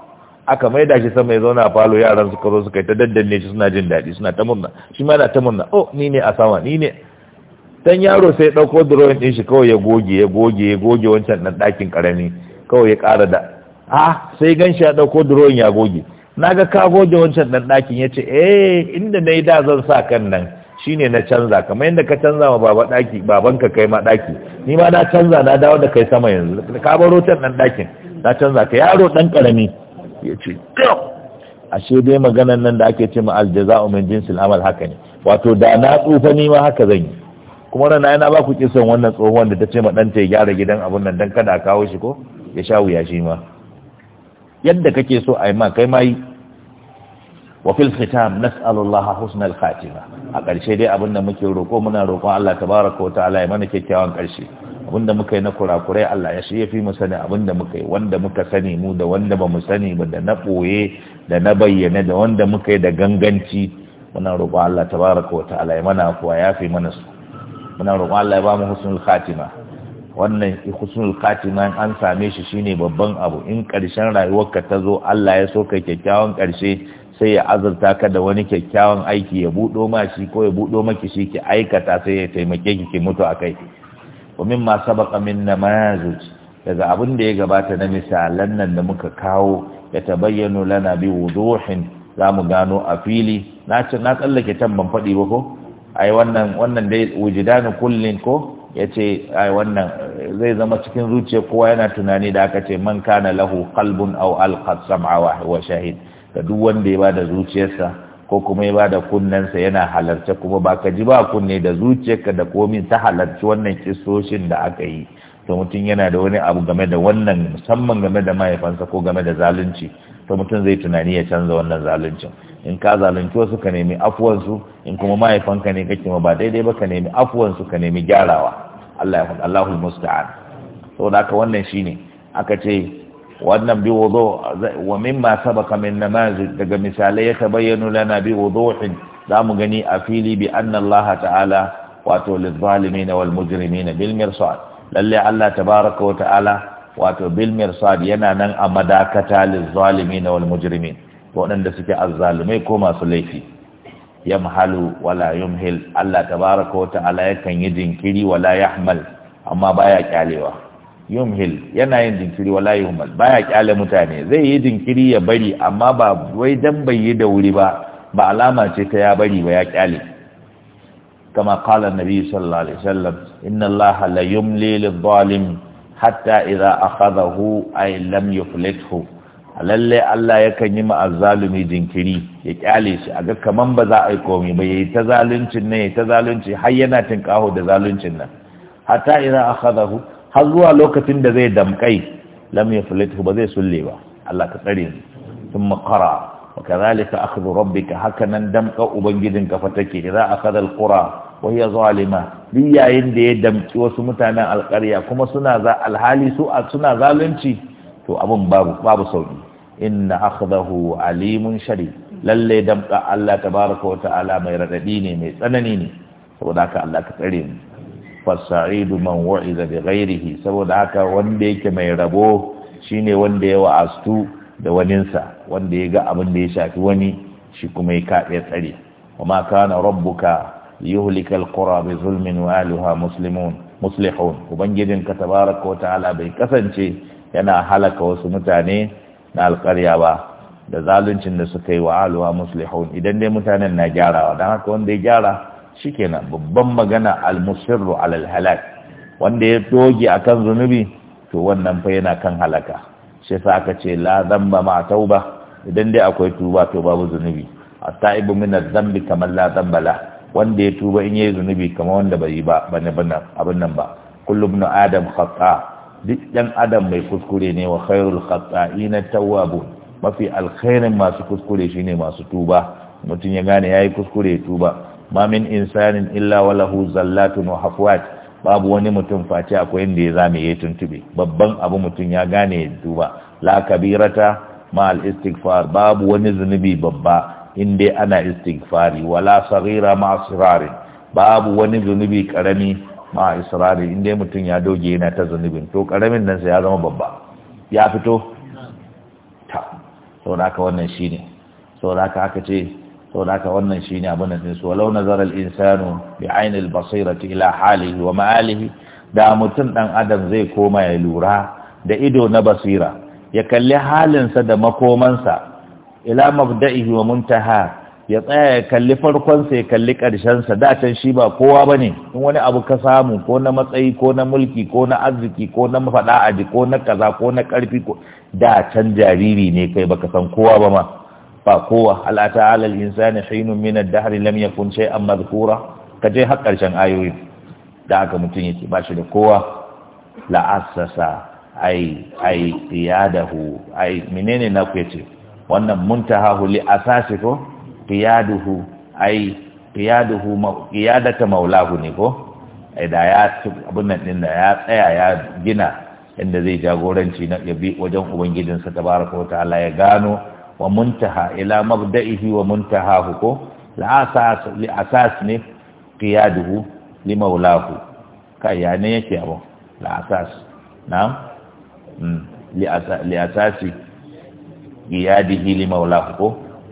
aka da shi sama ya zauna a falo yaran suka zo suka yi ta daddanne shi suna jin daɗi suna ta murna shi ma na ta murna oh ni ne a sama ni ne dan yaro sai ya ɗauko drawing ɗin shi kawai ya goge ya goge ya goge wancan ɗan ɗakin ƙarami kawai ya ƙara da ah sai gan shi ya ɗauko drawing ya goge na ga ka goge wancan ɗan ɗakin ya ce eh inda na yi da zan sa kan nan shi ne na canza kamar yadda ka canza ma baba baban babanka kai ma ɗaki, ni ma na canza na dawo da kai sama yanzu ka baro can ɗan ɗakin na canza ka yaro ɗan ƙarami ya ce ashe dai maganan nan da ake ce ma aljaza'u min jinsil amal haka ne wato da na tsufa ni ma haka zan yi kuma rana yana ba ku kisan wannan tsohon da ta ce ma ta ya gyara gidan abun nan don kada a kawo shi ko ya sha wuya shi ma yadda kake so a yi ma kai ma yi wa fil khitam nas'alullah husnal khatima a ƙarshe dai abin da muke roƙo muna roƙon Allah tabaraka wa ta'ala ya mana kyakkyawan ƙarshe abinda muka yi na kurakurai Allah ya shi ya fi mu sani abinda muka yi wanda muka sani mu da wanda ba mu sani ba da na ɓoye da na bayyane da wanda muka yi da ganganci muna roƙo Allah tabaraka wa ta'ala ya mana kuwa ya fi mana su muna roƙo Allah ya ba mu husnul khatima wannan husnul khatima an same shi shine babban abu in ƙarshen ka ta zo Allah ya so ka kyakkyawan ƙarshe sai ya azurta ka da wani kyakkyawan aiki ya buɗo ma shi ko ya buɗo maki shi ki aikata sai ya taimake ki ki mutu a kai wa mimma sabaqa min namazij daga abin da ya gabata na misalan nan da muka kawo ya tabayyano lana bi wuduhin zamu gano a fili na ce na tsallake can ban faɗi ba ko ai wannan wannan dai wujidanu kullin ko yace ai wannan zai zama cikin zuciya kowa yana tunani da aka ce man kana lahu qalbun aw alqa sam'a wa shahid da duk wanda ya bada zuciyarsa ko kuma ya bada kunnensa yana halarce kuma ba ka ji ba kunne da zuciyarka da komi ta halarci wannan kisoshin da aka yi to mutum yana da wani abu game da wannan musamman game da mahaifansa ko game da zalunci to mutum zai tunani ya canza wannan zaluncin in ka zalunci wasu ka nemi afuwansu in kuma mahaifanka ne kake ma ba daidai ba ka nemi afuwansu ka nemi gyarawa Allah ya Allahul musta'an saboda haka wannan shine aka ce wannan bi wudu wa mimma sabaka min namazij daga misalai ya tabayyanu lana bi wuduhin zamu gani a fili bi anna Allah ta'ala wato lizalimin wal mujrimin bil mirsad lalle Allah tabaraka wa ta'ala wato bil mirsad yana nan a madakata lizalimin wal mujrimin waɗanda suke azzalumai ko masu laifi yamhalu wala yumhil Allah tabaraka wa ta'ala yakan yi jinkiri wala yahmal amma baya kyalewa yumhil yana yin jinkiri wala yuhmal baya kyale mutane zai yi jinkiri ya bari amma ba wai dan bai yi da wuri ba ba alama ce ta ya bari ba ya kyale kama qala nabi sallallahu alaihi wasallam inna allaha la yumli lidh-dhalim hatta idza akhadahu ay lam yuflithu lalle Allah yakan yi ma'azzalumi jinkiri ya kyale shi aga kaman ba za a yi komai ba yayi ta zaluncin ne ta zalunci har yana tinkaho da zaluncin nan hatta idza akhadahu har zuwa lokacin da zai damkai lamya yaflitu ba zai sulle ba Allah ka tsare mu thumma qara wa kadhalika akhdhu rabbika hakanan damka ubangijin ka fatake idza akhadha alqura wa hiya zalima duk yayin da ya damki wasu mutanen alƙarya kuma suna za alhali su suna zalunci to abun babu babu sauki inna akhdahu alimun shari lalle damka Allah tabaraka wa ta'ala mai radadi ne mai tsanani ne saboda haka Allah ka tsare mu fasa'idu man wa'iza bi ghairihi saboda haka wanda yake mai rabo shine wanda ya wa'astu da waninsa wanda ya ga abin da ya shafi wani shi kuma ya kaɗe tsare wa ma kana rabbuka yuhlika alqura bi zulmin wa ahliha muslimun muslihun ubangijin ka tabaraka wa ta'ala bai kasance yana halaka wasu mutane na alƙarya ba da zaluncin da suka yi wa ahliha muslihun idan dai mutanen na gyarawa dan haka wanda ya gyara shikenan babban magana al-musirru alal halak wanda ya doge akan zunubi to wannan fa yana kan halaka shi yasa aka ce la zamba ma tauba idan dai akwai tuba to babu zunubi at-taibu min adh-dhanbi la dhanba la wanda ya tuba in yayi zunubi kamar wanda bai yi ba bane bana abin nan ba kullu ibn adam khata duk dan adam mai kuskure ne wa khairul khata'ina tawwabun mafi alkhairin masu kuskure shine masu tuba mutum ya gane yayi kuskure tuba ma min insanin illa walahu zallatun wa hafwat babu wani mutum face akwai inda ya zame ya tuntube babban abu mutum ya gane ya duba la kabirata ma al istighfar babu wani zunubi babba inda ana istighfari wala saghira ma asrari babu wani zunubi karami ma asrari inda mutum ya doge yana ta zunubin to karamin nan sai ya zama babba ya fito ta saboda haka wannan shine saboda haka aka ce sau da haka wannan shi ne abin da su walau nazarar insanu bi ainihin basirati ila halihi wa ma'alihi da mutum ɗan adam zai koma ya lura da ido na basira ya kalli halinsa da makomansa ila mabda'ihi wa muntaha ya tsaya ya kalli farkonsa ya kalli karshen ƙarshensa can shi ba kowa ba ne in wani abu ka samu ko na matsayi ko na mulki ko na arziki ko na faɗa aji ko na kaza ko na ƙarfi ko da can jariri ne kai baka san kowa ba ma ba kowa ala ta'ala al-insani hinun min ad-dahr lam yakun shay'an madhkura kaje har karshen ayoyi da aka mutun yake ba shi da kowa La'asasa. ai ai qiyadahu ai menene na ku yace wannan muntahahu li asasi ko qiyaduhu ai qiyaduhu qiyadata maulahu ne ko ai da ya abun nan din da ya tsaya ya gina inda zai jagoranci na yabi wajen ubangijinsa tabaraka wa ta'ala ya gano wa muntaha ila mabda'ihi wa muntahahu ko asas li asas ne qiyaduhu li maulahu kai ya ne yake abu la'asas na mm. li asasi qiyaduhu li maulahu ko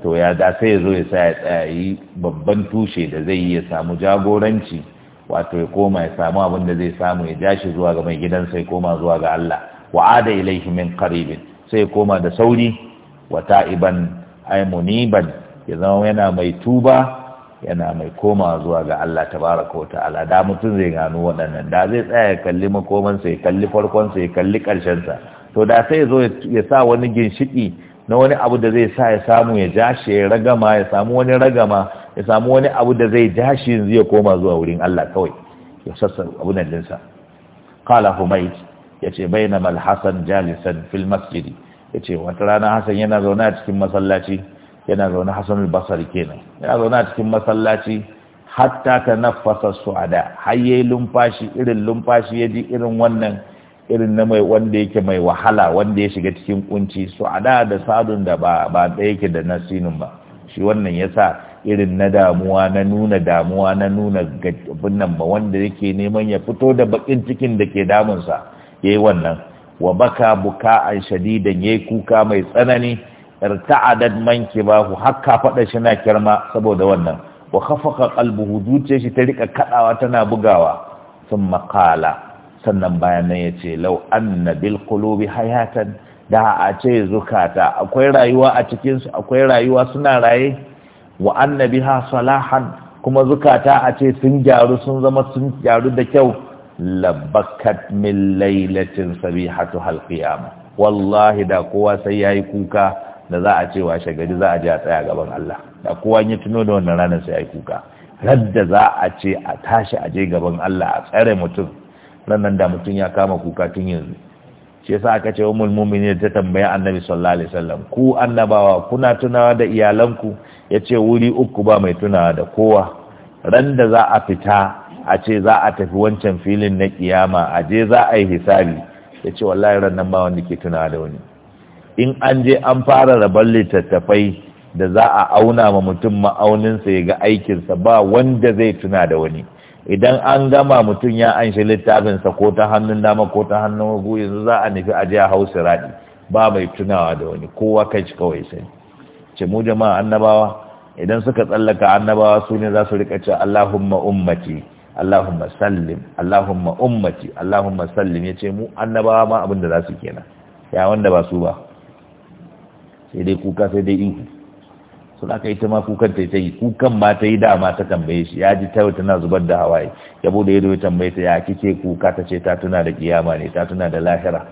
to ya da sai zo ya sa tsayi babban tushe da zai yi ya samu jagoranci wato ya koma ya samu abin da zai samu ya ja shi zuwa ga mai gidansa ya koma zuwa ga Allah Wa ada ilaihi min qaribin sai ya koma da sauri wa ta'iban ay muniban ya zama yana mai tuba yana mai koma zuwa ga Allah tabaraka wa ta'ala da mutum zai gano waɗannan da zai tsaya ya kalli makomansa ya kalli farkon sa ya kalli karshen sa. to da sai ya zo ya sa wani ginshiki na wani abu da zai sa ya samu ya jashi ya ragama ya samu wani ragama ya samu wani abu da zai jashi yanzu ya koma zuwa wurin Allah kawai ya sassa abu nan dinsa qala humayd yace bainama al-hasan jalisan fil masjidi ya ce wata rana hasan yana zaune a cikin masallaci yana zaune hasan kenan yana zaune a cikin masallaci hatta ka nafasa su a da yayi lumfashi irin lumfashi ya ji irin wannan irin na mai wanda yake mai wahala wanda ya shiga cikin kunci su a da da sadun da ba ba da yake da nasinin ba shi wannan ya sa irin na damuwa na nuna damuwa na nuna ga nan ba wanda yake neman ya fito da bakin cikin da ke damunsa ya yi wannan wa baka buka buka'an shadidan yayi kuka mai tsanani irta'adat mankibahu hakka fada shi na kirma saboda wannan wa khafaqa qalbuhu zuciyar shi ta rika kadawa tana bugawa thumma qala sannan bayan nan yace law anna bil qulubi hayatan da a ce zukata akwai rayuwa a cikin su akwai rayuwa suna raye wa annabiha salahan kuma zukata a ce sun gyaru sun zama sun gyaru da kyau labakat min lailatin sabihatu halqiyama wallahi da kowa sai yayi kuka da za a cewa shagari za a ji a tsaya gaban Allah da kowa ya tuno da wannan ranar sai yayi kuka radda za a ce a tashi a je gaban Allah a tsare mutum nan da mutum ya kama kuka tun yanzu shi yasa aka ce ummul mu'minin ta tambaya annabi sallallahu alaihi wasallam ku annabawa kuna tunawa da iyalanku yace wuri uku ba mai tunawa da kowa Randa za a fita a ce za a tafi wancan filin na kiyama a je za a yi hisabi ya ce wallahi ran nan ba wanda ke tunawa da wani in an je an fara rabar littattafai da za a auna ma mutum ma'auninsa ya ga aikinsa ba wanda zai tuna da wani idan an gama mutum ya an shi littafinsa ko ta hannun dama ko ta hannun hagu yanzu za a nufi a je a hau siradi ba mai tunawa da wani kowa kai shi kawai sai ce mu jama'a annabawa idan suka tsallaka annabawa su ne za su rika ce allahumma ummati Allahumma sallim Allahumma ummati Allahumma sallim yace mu annabawa ma abinda za su kenan ya wanda ba su ba sai dai kuka sai dai ihu da kai ta ma kukan ta yi kukan ma ta yi dama ta tambaye shi ya ji ta tana zubar da hawaye yabo da ya tambaye ta ya kike kuka ta ce ta tuna da kiyama ne ta tuna da lahira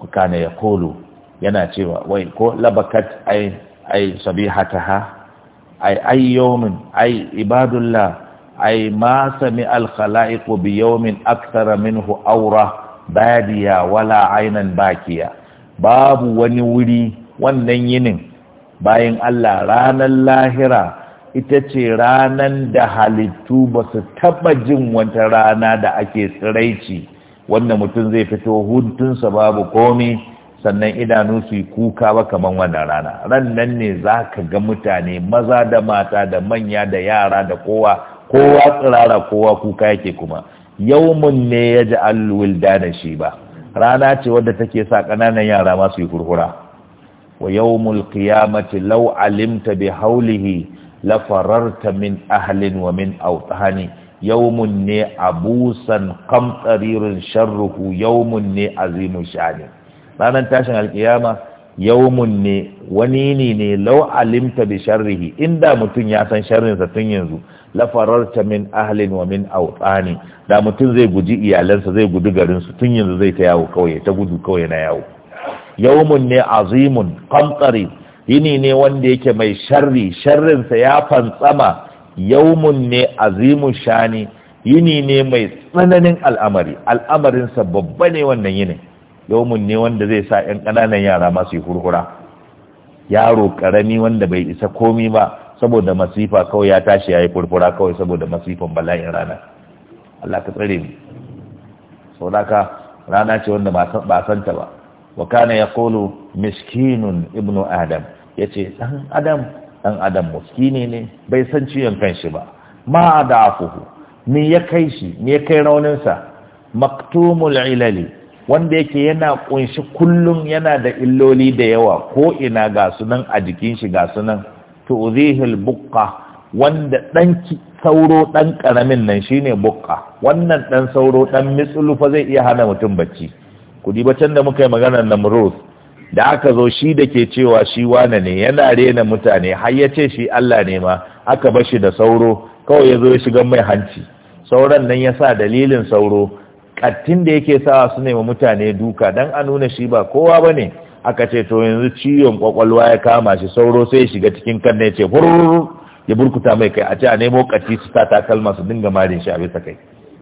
kuka ne ya kolo yana cewa wai ko labakat ai ai sabihataha ai ai yawmin ai ibadullah ai ma sami al-khala'iqu bi yawmin akthara minhu awra badiya wala aynan bakiya babu wani wuri wannan yinin bayan Allah ranar lahira ita ce ranan da halittu ba su taba jin wata rana da ake tsiraici wanda mutum zai fito huntunsa babu komai. sannan idanu su yi kuka ba kamar wannan rana Rannan ne za ka ga mutane maza da mata da manya da yara da kowa kowa tsirara kowa kuka yake kuma mun ne ya ji alluwil da shi ba rana ce wadda take sa ƙananan yara masu yi hurhura wa yawmul qiyamati law alimta bi haulihi la fararta min ahlin wa min awtahani yawmun ne abusan qamtaririn sharruhu yawmun ne azimun shani ranar tashin alkiyama yawmun ne wani ne ne lau alimta bi sharrihi inda mutum ya san sharrinsa tun yanzu la fararta min ahlin wa min awtani da mutum zai guji iyalansa zai gudu garin su tun yanzu zai ta yawo kawai ta gudu kawai na yawo yawmun ne azimun qamqari yini ne wanda yake mai sharri sharrinsa ya fantsama yawmun ne azimun shani yini ne mai tsananin al'amari al'amarinsa babba ne wannan yini. yawmun ne wanda zai sa yan ƙananan yara masu yi hurhura yaro karami wanda bai isa komi ba saboda masifa kawai ya tashi ya yi furfura kawai saboda masifan bala'in rana Allah ka tsare mu sau rana ce wanda ba ta ba wa kana ya kolo miskinun ibnu adam ya ce ɗan adam ɗan adam muskini ne bai san ciyon shi ba ma da afuhu ni ya kai shi ni ya kai rauninsa maktumul ilali wanda yake yana kunshi kullum yana da illoli da yawa ko ina ga sunan a jikin shi ga sunan tu'zihil buqqa wanda dan sauro dan karamin nan shine buqqa wannan dan sauro dan mitsulu zai iya hana mutum bacci ku diba can da muka yi magana maganar murus da aka zo shi da ke cewa shi wane ne yana rena mutane har ya ce shi Allah ne ma aka bar shi da sauro kawai ya zo ya shiga mai hanci sauran nan ya sa dalilin sauro kattin da yake sawa su nema mutane duka dan a nuna shi ba kowa bane aka ce to yanzu ciwon kwakwalwa ya kama shi sauro sai ya shiga cikin kan ne ce furr ya burkuta mai kai a ce a nemo kati su ta takalma su dinga marin shi a bisa kai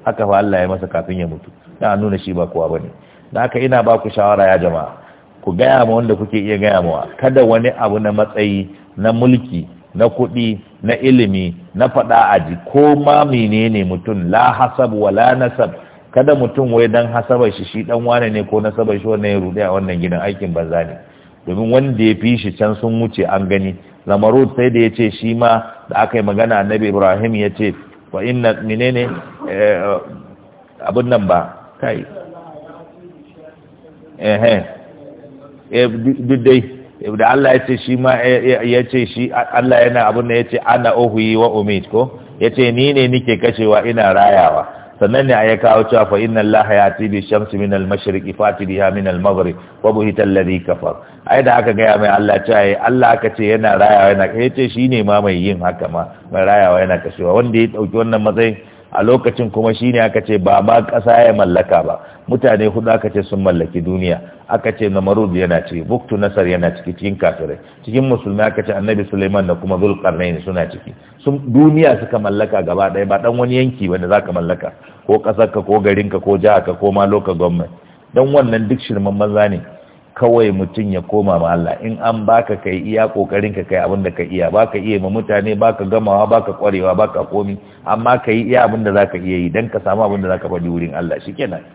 haka fa Allah ya masa kafin ya mutu dan a nuna shi ba kowa bane dan haka ina ba ku shawara ya jama'a ku gaya ma wanda kuke iya gaya mawa kada wani abu na matsayi na mulki na kuɗi na ilimi na faɗa aji ko ma menene mutum la hasab wala nasab kada mutum wai dan hasabar shi shi dan wane ne ko nasabar shi wannan ya rude a wannan gidan aikin banza ne domin wanda ya fi shi can sun wuce an gani lamaru sai da ya ce shi ma da aka yi magana annabi ibrahim ya ce wa inna menene eh, abin nan ba kai ehe eh, duk dai da Allah ya ce shi ma ya ce shi Allah yana abin da ya ce ana ohuyi wa umid ko ya ce ni ne nike kashewa ina rayawa sannan ne ya kawo cewa fa inna Allah yati bi shamsi min al-mashriqi fatiha min al-maghrib wa buhita alladhi kafar ai da aka gaya mai Allah cewa eh, Allah aka ce yana rayawa yana kai eh, ce shine ma mai yin haka ma mai rayawa yana kashewa wanda ya dauki wannan matsayin a lokacin kuma shine aka ce ba ma ƙasa ya mallaka ba mutane hudu aka ce sun mallaki duniya aka ce namarud yana ciki buktu nasar yana ciki cikin kafirai cikin musulmi aka ce annabi suleiman da kuma zulkarnain suna ciki sun duniya suka mallaka gaba ɗaya ba ɗan wani yanki wanda ka mallaka ko ƙasarka ko garinka ko jihar ka ko ma local government dan wannan duk shirman banza ne kawai mutum ya koma ma Allah in an baka kai iya kokarin ka kai abinda ka iya baka iya ma mutane baka gamawa baka kwarewa baka komi amma kai iya abinda da zaka iya yi dan ka samu abin da ka faɗi wurin Allah shikenan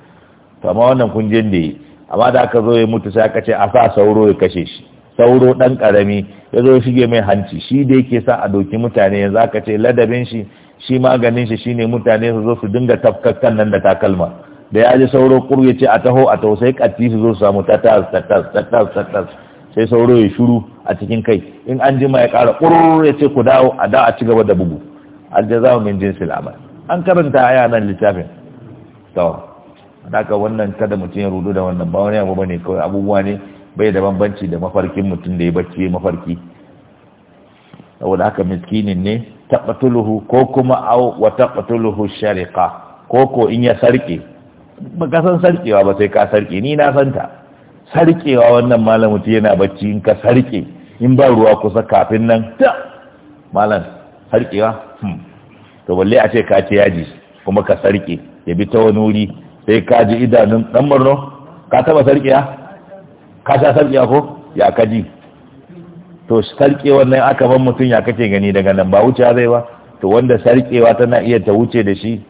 to amma wannan je da yi amma da aka zo ya mutu sai aka ce a sa sauro ya kashe shi sauro dan karami ya zo shige mai hanci shi da yake sa a doki mutane yanzu aka ce ladabin shi shi maganin shi shine mutane su zo su dinga tafkakkan nan da takalma da ya ji sauro kuru ya ce a taho a taho sai katti su zo su samu tatas tatas tatas tatas sai sauro ya shuru a cikin kai in an jima ya ƙara kurur ya ce ku dawo a da a ci gaba da bugu mu min jinsi labar an karanta aya nan littafin to haka wannan kada mutum ya rudu da wannan ba wani abu bane kawai abubuwa ne bai da bambanci da mafarkin mutum da ya bacci mafarki saboda haka miskinin ne taqtuluhu ko kuma aw wa taqtuluhu shariqa ko ko in ya sarke ba ka san sarkewa ba sai ka sarke ni na san ta sarkewa wannan malam mutum yana bacci in ka sarke in ba ruwa kusa kafin nan ta malam sarkewa hmm. to balle a ce ka ce yaji kuma ka sarke ya bi ta wani wuri sai ka ji idanun dan murno ka taba sarkewa ka sha sarkewa ko ya ka ji to sarkewa nan aka ban mutum ya kake gani daga nan ba wuce zai ba to wanda sarkewa tana iya ta wuce da shi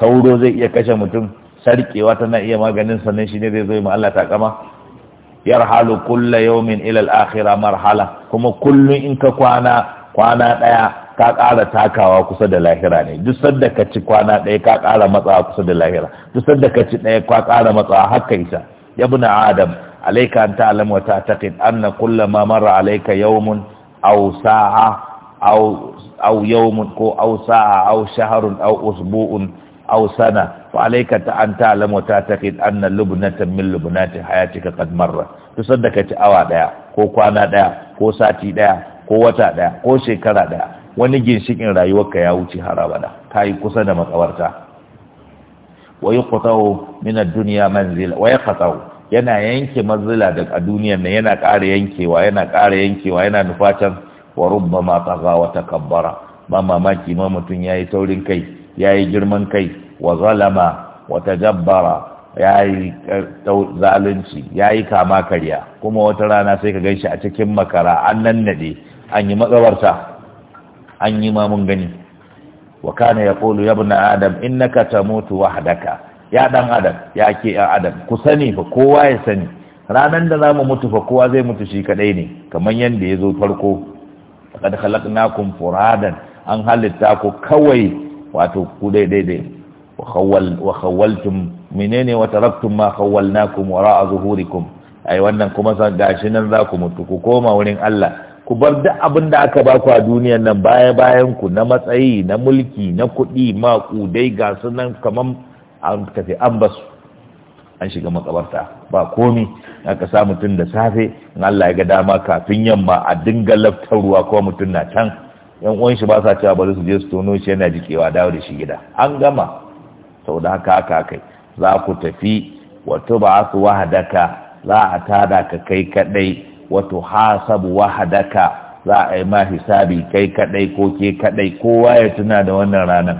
sauro zai iya kashe mutum sarkewa tana iya maganin sannan shi ne zai zo ma Allah Yar yarhalu kulla yawmin ila al-akhirah marhala kuma kullun in ka kwana kwana daya ka ƙara takawa kusa da lahira ne duk sanda ka ci kwana ɗaya ka ƙara matsawa kusa da lahira duk sanda ka ci ɗaya ka ƙara matsawa haka ita ya adam alaika an ta'lam wa ta'taqid anna kulla ma marra alaika yawmun aw sa'a aw aw yawmun ko aw sa'a aw shahrun aw usbu'un aw sana fa alayka ta an ta'lamu ta taqid anna lubnatan min lubnati hayatika qad marra to sadaka ka ci awa daya ko kwana daya ko sati daya ko wata daya ko shekara daya wani ginshikin rayuwar ka ya wuce harabada kai kusa da matsawarta wa yuqtau min ad-dunya manzila wa yaqtau yana yanke mazila da a duniyar nan yana ƙara yankewa yana ƙara yankewa yana nufatan wa rubbama ma wa takabbara ba mamaki ma mutum yayi taurin kai yayi girman kai wa zalama wa tajabbara yayi zalunci yayi kama karya kuma wata rana sai ka ganshi a cikin makara an nan naɗe, an yi matsawarta an yi ma mun gani wa kana yaqulu ya ibn adam innaka tamutu wahdaka ya dan adam ya ke ya adam ku sani fa kowa ya sani ranan da za mu mutu fa kowa zai mutu shi kaɗai ne kamar yadda ya zo farko faqad khalaqnakum furadan an halitta ku kawai wato ku daidai wa khawwaltum menene wa taraktum ma khawwalnakum wara'a zuhurikum ai wannan kuma san gashi nan za ku mutu ku koma wurin Allah ku bar duk abin da aka baku a duniyar nan baya bayan ku na matsayi na mulki na kuɗi maƙudai ga sunan nan kaman an tafi an basu an shiga makabarta ba komi aka sa mutum da safe in Allah ya ga dama kafin yamma a dinga ruwa ko mutum na can yan uwan shi ba sa cewa bari su je su tono shi yana jikewa dawo da shi gida an gama sau da haka haka kai za ku tafi wato ba su wahadaka za a tada ka kai kadai wato hasabu wahadaka za a yi ma hisabi kai kadai ko ke kadai kowa ya tuna da wannan ranar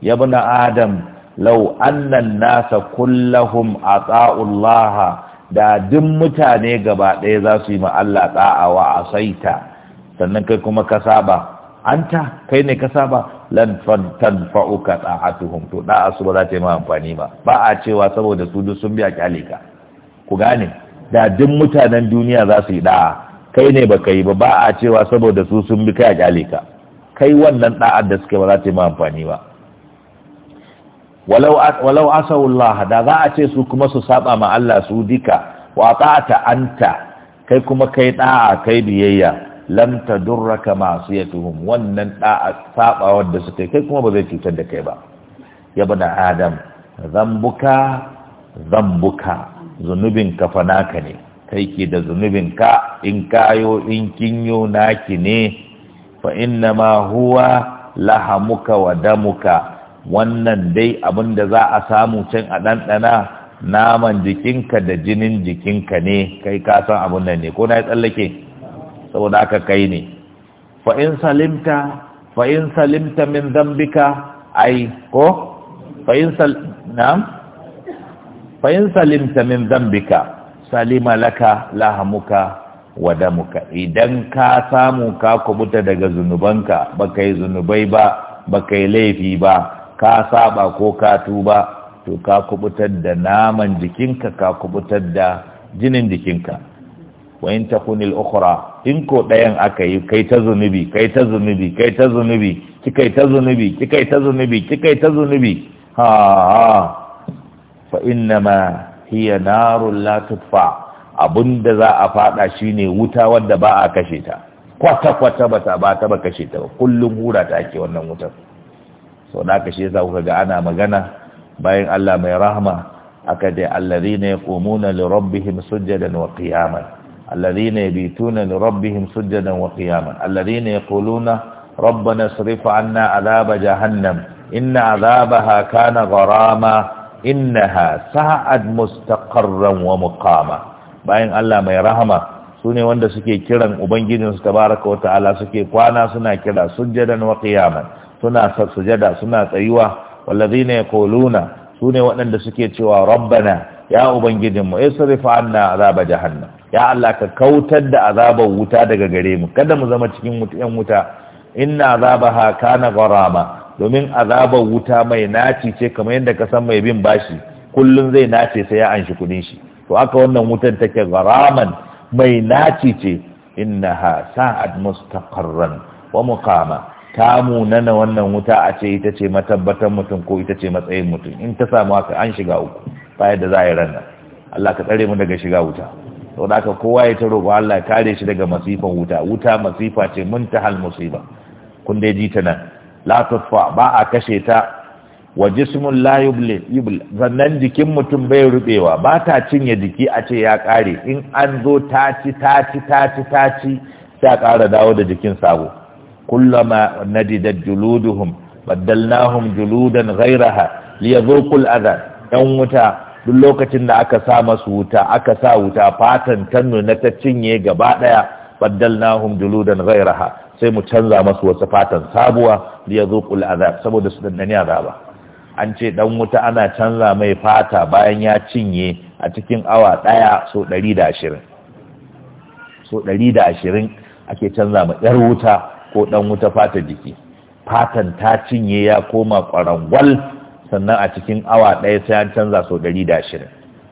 ya bi na adam lau annan nasa kullahum a tsa'ullaha da duk mutane gaba ɗaya za su yi Allah ɗa'awa a saita sannan kai kuma ka saba an ta kai ne ka saba lan tadfa'uka ta'atuhum to da su ba za ta yi ma amfani ba ba a cewa saboda su duk sun biya kyale ka ku gane da duk mutanen duniya za su yi da'a kai ne ba kai ba ba a cewa saboda su sun bi kai kyale ka kai wannan da'a da suke ba za ta yi ma amfani ba walau walau Allah da za a ce su kuma su saba ma Allah su dika wa ta'ata anta kai kuma kai da'a kai biyayya lam ya tuhum wannan ɗa'a saɓa da suka kai kuma ba zai cutar da kai ba ya bada adam zambuka zambuka zunubin ka fa naka ne kai ke da zunubin ka in kayo in kinyo naki ne fa inna ma huwa lahamuka wa damuka wannan dai abin da za a samu can a ɗanɗana naman jikinka da jinin jikinka ne kai ka san abin nan ne ko na yi tsallake saboda aka kai ne fa salimta fa salimta min zambika ai ko fa in sal na'am fa salimta min zambika salima laka lahamuka wa damuka idan ka samu ka kubuta daga zunubanka baka yi zunubai ba baka yi laifi ba ka saba ko ka tuba to ka kubutar da naman jikinka ka kubutar da jinin jikinka wa in takunil ukhra in ko dayan aka yi kai ta zunubi kai ta zunubi kai ta zunubi kikai ta zunubi kikai ta zunubi kikai ta zunubi ha ha fa innama hiya narun la tutfa abunda za a fada shine wuta wanda ba a kashe ta kwata kwata ba ta ba ta ba kashe ta ba kullum hura ta ake wannan wutar sau da aka shi yasa kuka ga ana magana bayan Allah mai rahama akade alladhina yaqumuna li rabbihim sujadan wa qiyaman الذين يبيتون لربهم سجدا وقياما الذين يقولون ربنا اصرف عنا عذاب جهنم إن عذابها كان غراما إنها ساعد مستقرا ومقاما باين الله ما يرحمه su ne wanda suke kiran ubangijinsu tabaraka wa ta'ala suke kwana suna kira sujjadan wa qiyaman suna sujada suna tsayuwa wallazina yaquluna su ne waɗanda suke cewa rabbana ya ubangijinmu isrif anna azaba jahannam ya Allah ka kautar da azabar wuta daga gare mu kada mu zama cikin yan wuta inna azabaha kana gharama domin azabar wuta mai naci ce kamar yadda ka san mai bin bashi kullun zai nace sai ya anshi kudin shi to aka wannan wutan take gharaman mai naci ce innaha sa'ad mustaqarran wa muqama ta munana wannan wuta a ce ita ce matabbatar mutum ko ita ce matsayin mutum in ta samu haka an shiga uku bayan da za a yi ranar Allah ka tsare mu daga shiga wuta sau da aka kowa ya ta roƙo Allah ya kare shi daga masifan wuta wuta masifa ce mun ta hal musiba kun dai ji ta nan la ba a kashe ta wa jismun la yubli Zannan jikin mutum bai rubewa ba ta cinye jiki a ce ya kare in an zo ta ci ta ci ta ci ta ci ƙara dawo da jikin sabo kullama nadidat juluduhum baddalnahum juludan ghayraha liyazuqul adha yan wuta duk lokacin da aka sa masu wuta aka sa wuta fatan tannu na ta cinye gaba ɗaya. daya baddalnahum juludan ghayraha sai mu canza masu wasu fatan sabuwa li a azab saboda su dandani azaba an ce ɗan wuta ana canza mai fata bayan ya cinye a cikin awa daya so 120 so 120 ake canza ma yar wuta ko ɗan wuta fata jiki fatan ta cinye ya koma kwarangwal sannan a cikin awa ɗaya sai an canza sau ɗari da ashirin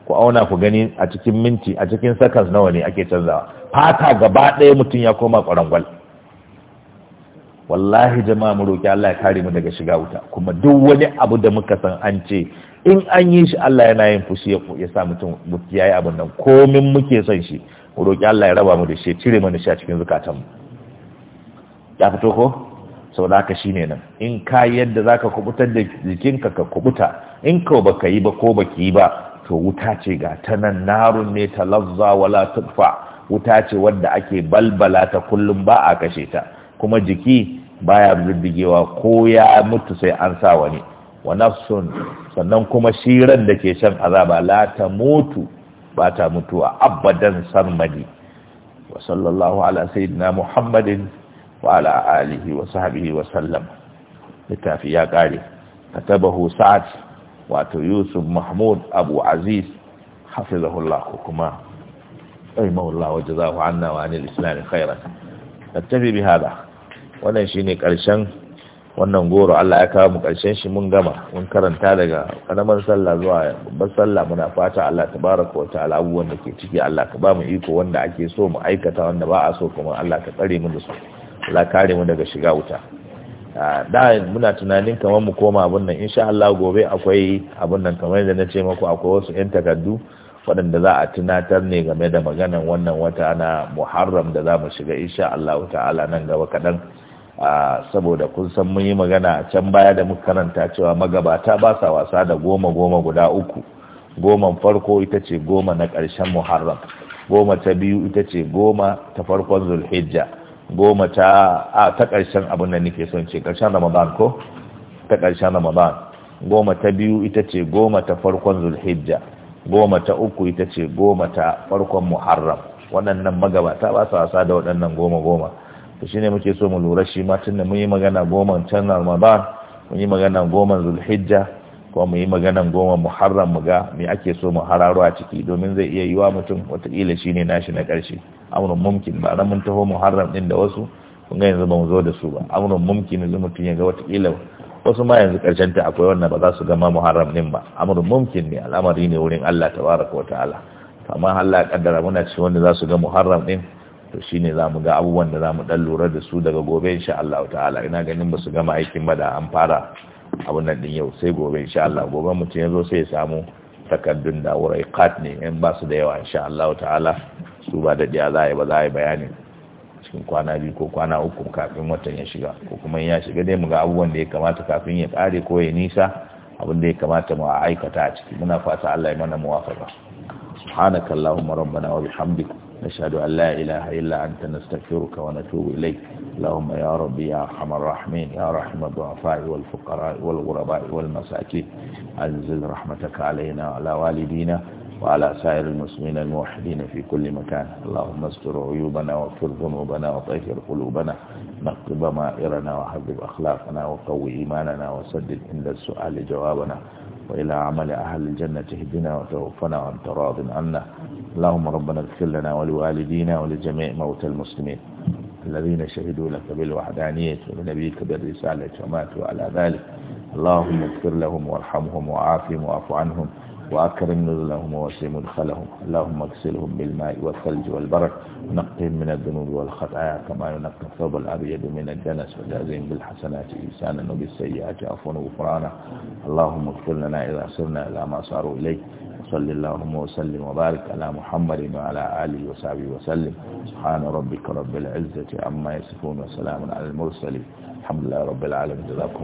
ku auna ku gani a cikin minti a cikin seconds nawa ne ake canzawa fata gaba ɗaya mutum ya koma ƙwarangwal wallahi jama'a mu roki Allah ya kare mu daga shiga wuta kuma duk wani abu da muka san an ce in an yi shi Allah yana yin fushi ya sa mutum ya yi abin nan komin muke son shi mu roki Allah ya raba mu da shi cire mana shi a cikin zukatan mu ya fito ko sau da shi ne nan in ka yadda zaka kubutar da jikinka ka kubuta in ka baka yi ba ko baki yi ba to wuta ce ga ta nan narun ne ta lafza wala tufa wuta ce wadda ake balbala ta kullum ba a kashe ta kuma jiki baya biddigewa ko ya mutu sai an sa wani wa sun sannan kuma shiran da ke shan azaba la ta mutu ba ta mutuwa abadan sarmadi wa sallallahu ala sayyidina muhammadin وعلى آله وصحبه وسلم littafi ya قاري كتبه sa'ad wato yusuf mahmud abu aziz حفظه ko kuma أيمه الله وجزاه عنا وعن الإسلام خيرا نتفي بهذا ونشيني hada wannan goro Allah ya kawo mu ƙarshen shi mun gama mun karanta daga ƙaramar sallah zuwa babbar sallah muna fata Allah tabaraka wa ta'ala abubuwan da ke ciki Allah ka ba mu iko wanda ake so mu aikata wanda ba a so kuma Allah ka tsare mu da su Allah kare mu daga shiga wuta da muna tunanin kamar mu koma abun nan insha Allah gobe akwai abun nan kamar yadda na ce maku akwai wasu yan takardu waɗanda za a tunatar ne game da maganan wannan wata ana muharram da za mu shiga insha Allah ta'ala nan gaba kaɗan saboda kun san mun yi magana a can baya da muka karanta cewa magabata ba sa wasa da goma goma guda uku goman farko ita ce goma na ƙarshen muharram goma ta biyu ita ce goma ta farkon zulhijja goma ta a ta ƙarshen abin da nake son ce ƙarshen ramadan ko ta ƙarshen ramadan goma ta biyu ita ce goma ta farkon zulhijja goma ta uku ita ce goma ta farkon muharram waɗannan magabata ba su wasa da waɗannan goma goma to shine muke so mu lura shi ma tunda mun yi magana goma can ramadan mun yi magana goma zulhijja ko mu yi magana goma muharram mu ga me ake so mu hararo a ciki domin zai iya yiwa mutum wataƙila shine nashi na ƙarshe Amurin mumkin ba ramin mun taho muharram din da wasu kun ga yanzu ba mu zo da su ba Amurin mumkin yanzu mutum ya ga wata wasu ma yanzu karshen ta akwai wannan ba za su gama muharram din ba Amurin mumkin ne al'amari ne wurin Allah tabaraka wa ta'ala amma Allah ya kaddara muna ci wanda za su ga muharram din to shi ne za mu ga abubuwan da za mu ɗan lura da su daga gobe insha Allah ta'ala ina ganin ba su gama aikin ba da an fara abun nan ɗin yau sai gobe insha Allah gobe mutum ya zo sai ya samu takardun da wurai kat ne in ba su da yawa insha Allah ta'ala su ba daɗiya za a yi ba za a yi bayanin cikin kwana biyu ko kwana uku kafin watan ya shiga ko kuma ya shiga dai muga abubuwan da ya kamata kafin ya kare ko ya nisa abin da ya kamata mu aikata a ciki muna fata Allah ya mana muwafaqa subhanaka allahumma rabbana wa bihamdika nashhadu an la ilaha illa anta nastaghfiruka wa natubu ilayk اللهم يا ربي يا ارحم الراحمين يا رحم الضعفاء والفقراء والغرباء والمساكين انزل رحمتك علينا وعلى والدينا وعلى سائر المسلمين الموحدين في كل مكان اللهم استر عيوبنا واغفر ذنوبنا وطهر قلوبنا نقض ضمائرنا وحبب أخلاقنا وقوي إيماننا وسدد عند السؤال جوابنا وإلى عمل أهل الجنة اهدنا وتوفنا وأنت راض عنا اللهم ربنا اغفر لنا ولوالدينا ولجميع موتى المسلمين الذين شهدوا لك بالوحدانية ولنبيك بالرسالة وماتوا على ذلك اللهم اغفر لهم وارحمهم وعافهم واعف عنهم وأكرم نزلهم ووسع مدخلهم اللهم اغسلهم بالماء والثلج والبرك ونقهم من الذنوب والخطايا كما ينقى الثوب الأبيض من الدنس وجازهم بالحسنات إنسانا وبالسيئات عفوا وغفرانا اللهم اغفر لنا إذا سرنا إلى ما صاروا إليه وصل اللهم وسلم وبارك على محمد وعلى آله وصحبه وسلم سبحان ربك رب العزة عما يصفون وسلام على المرسلين الحمد لله رب العالمين جزاكم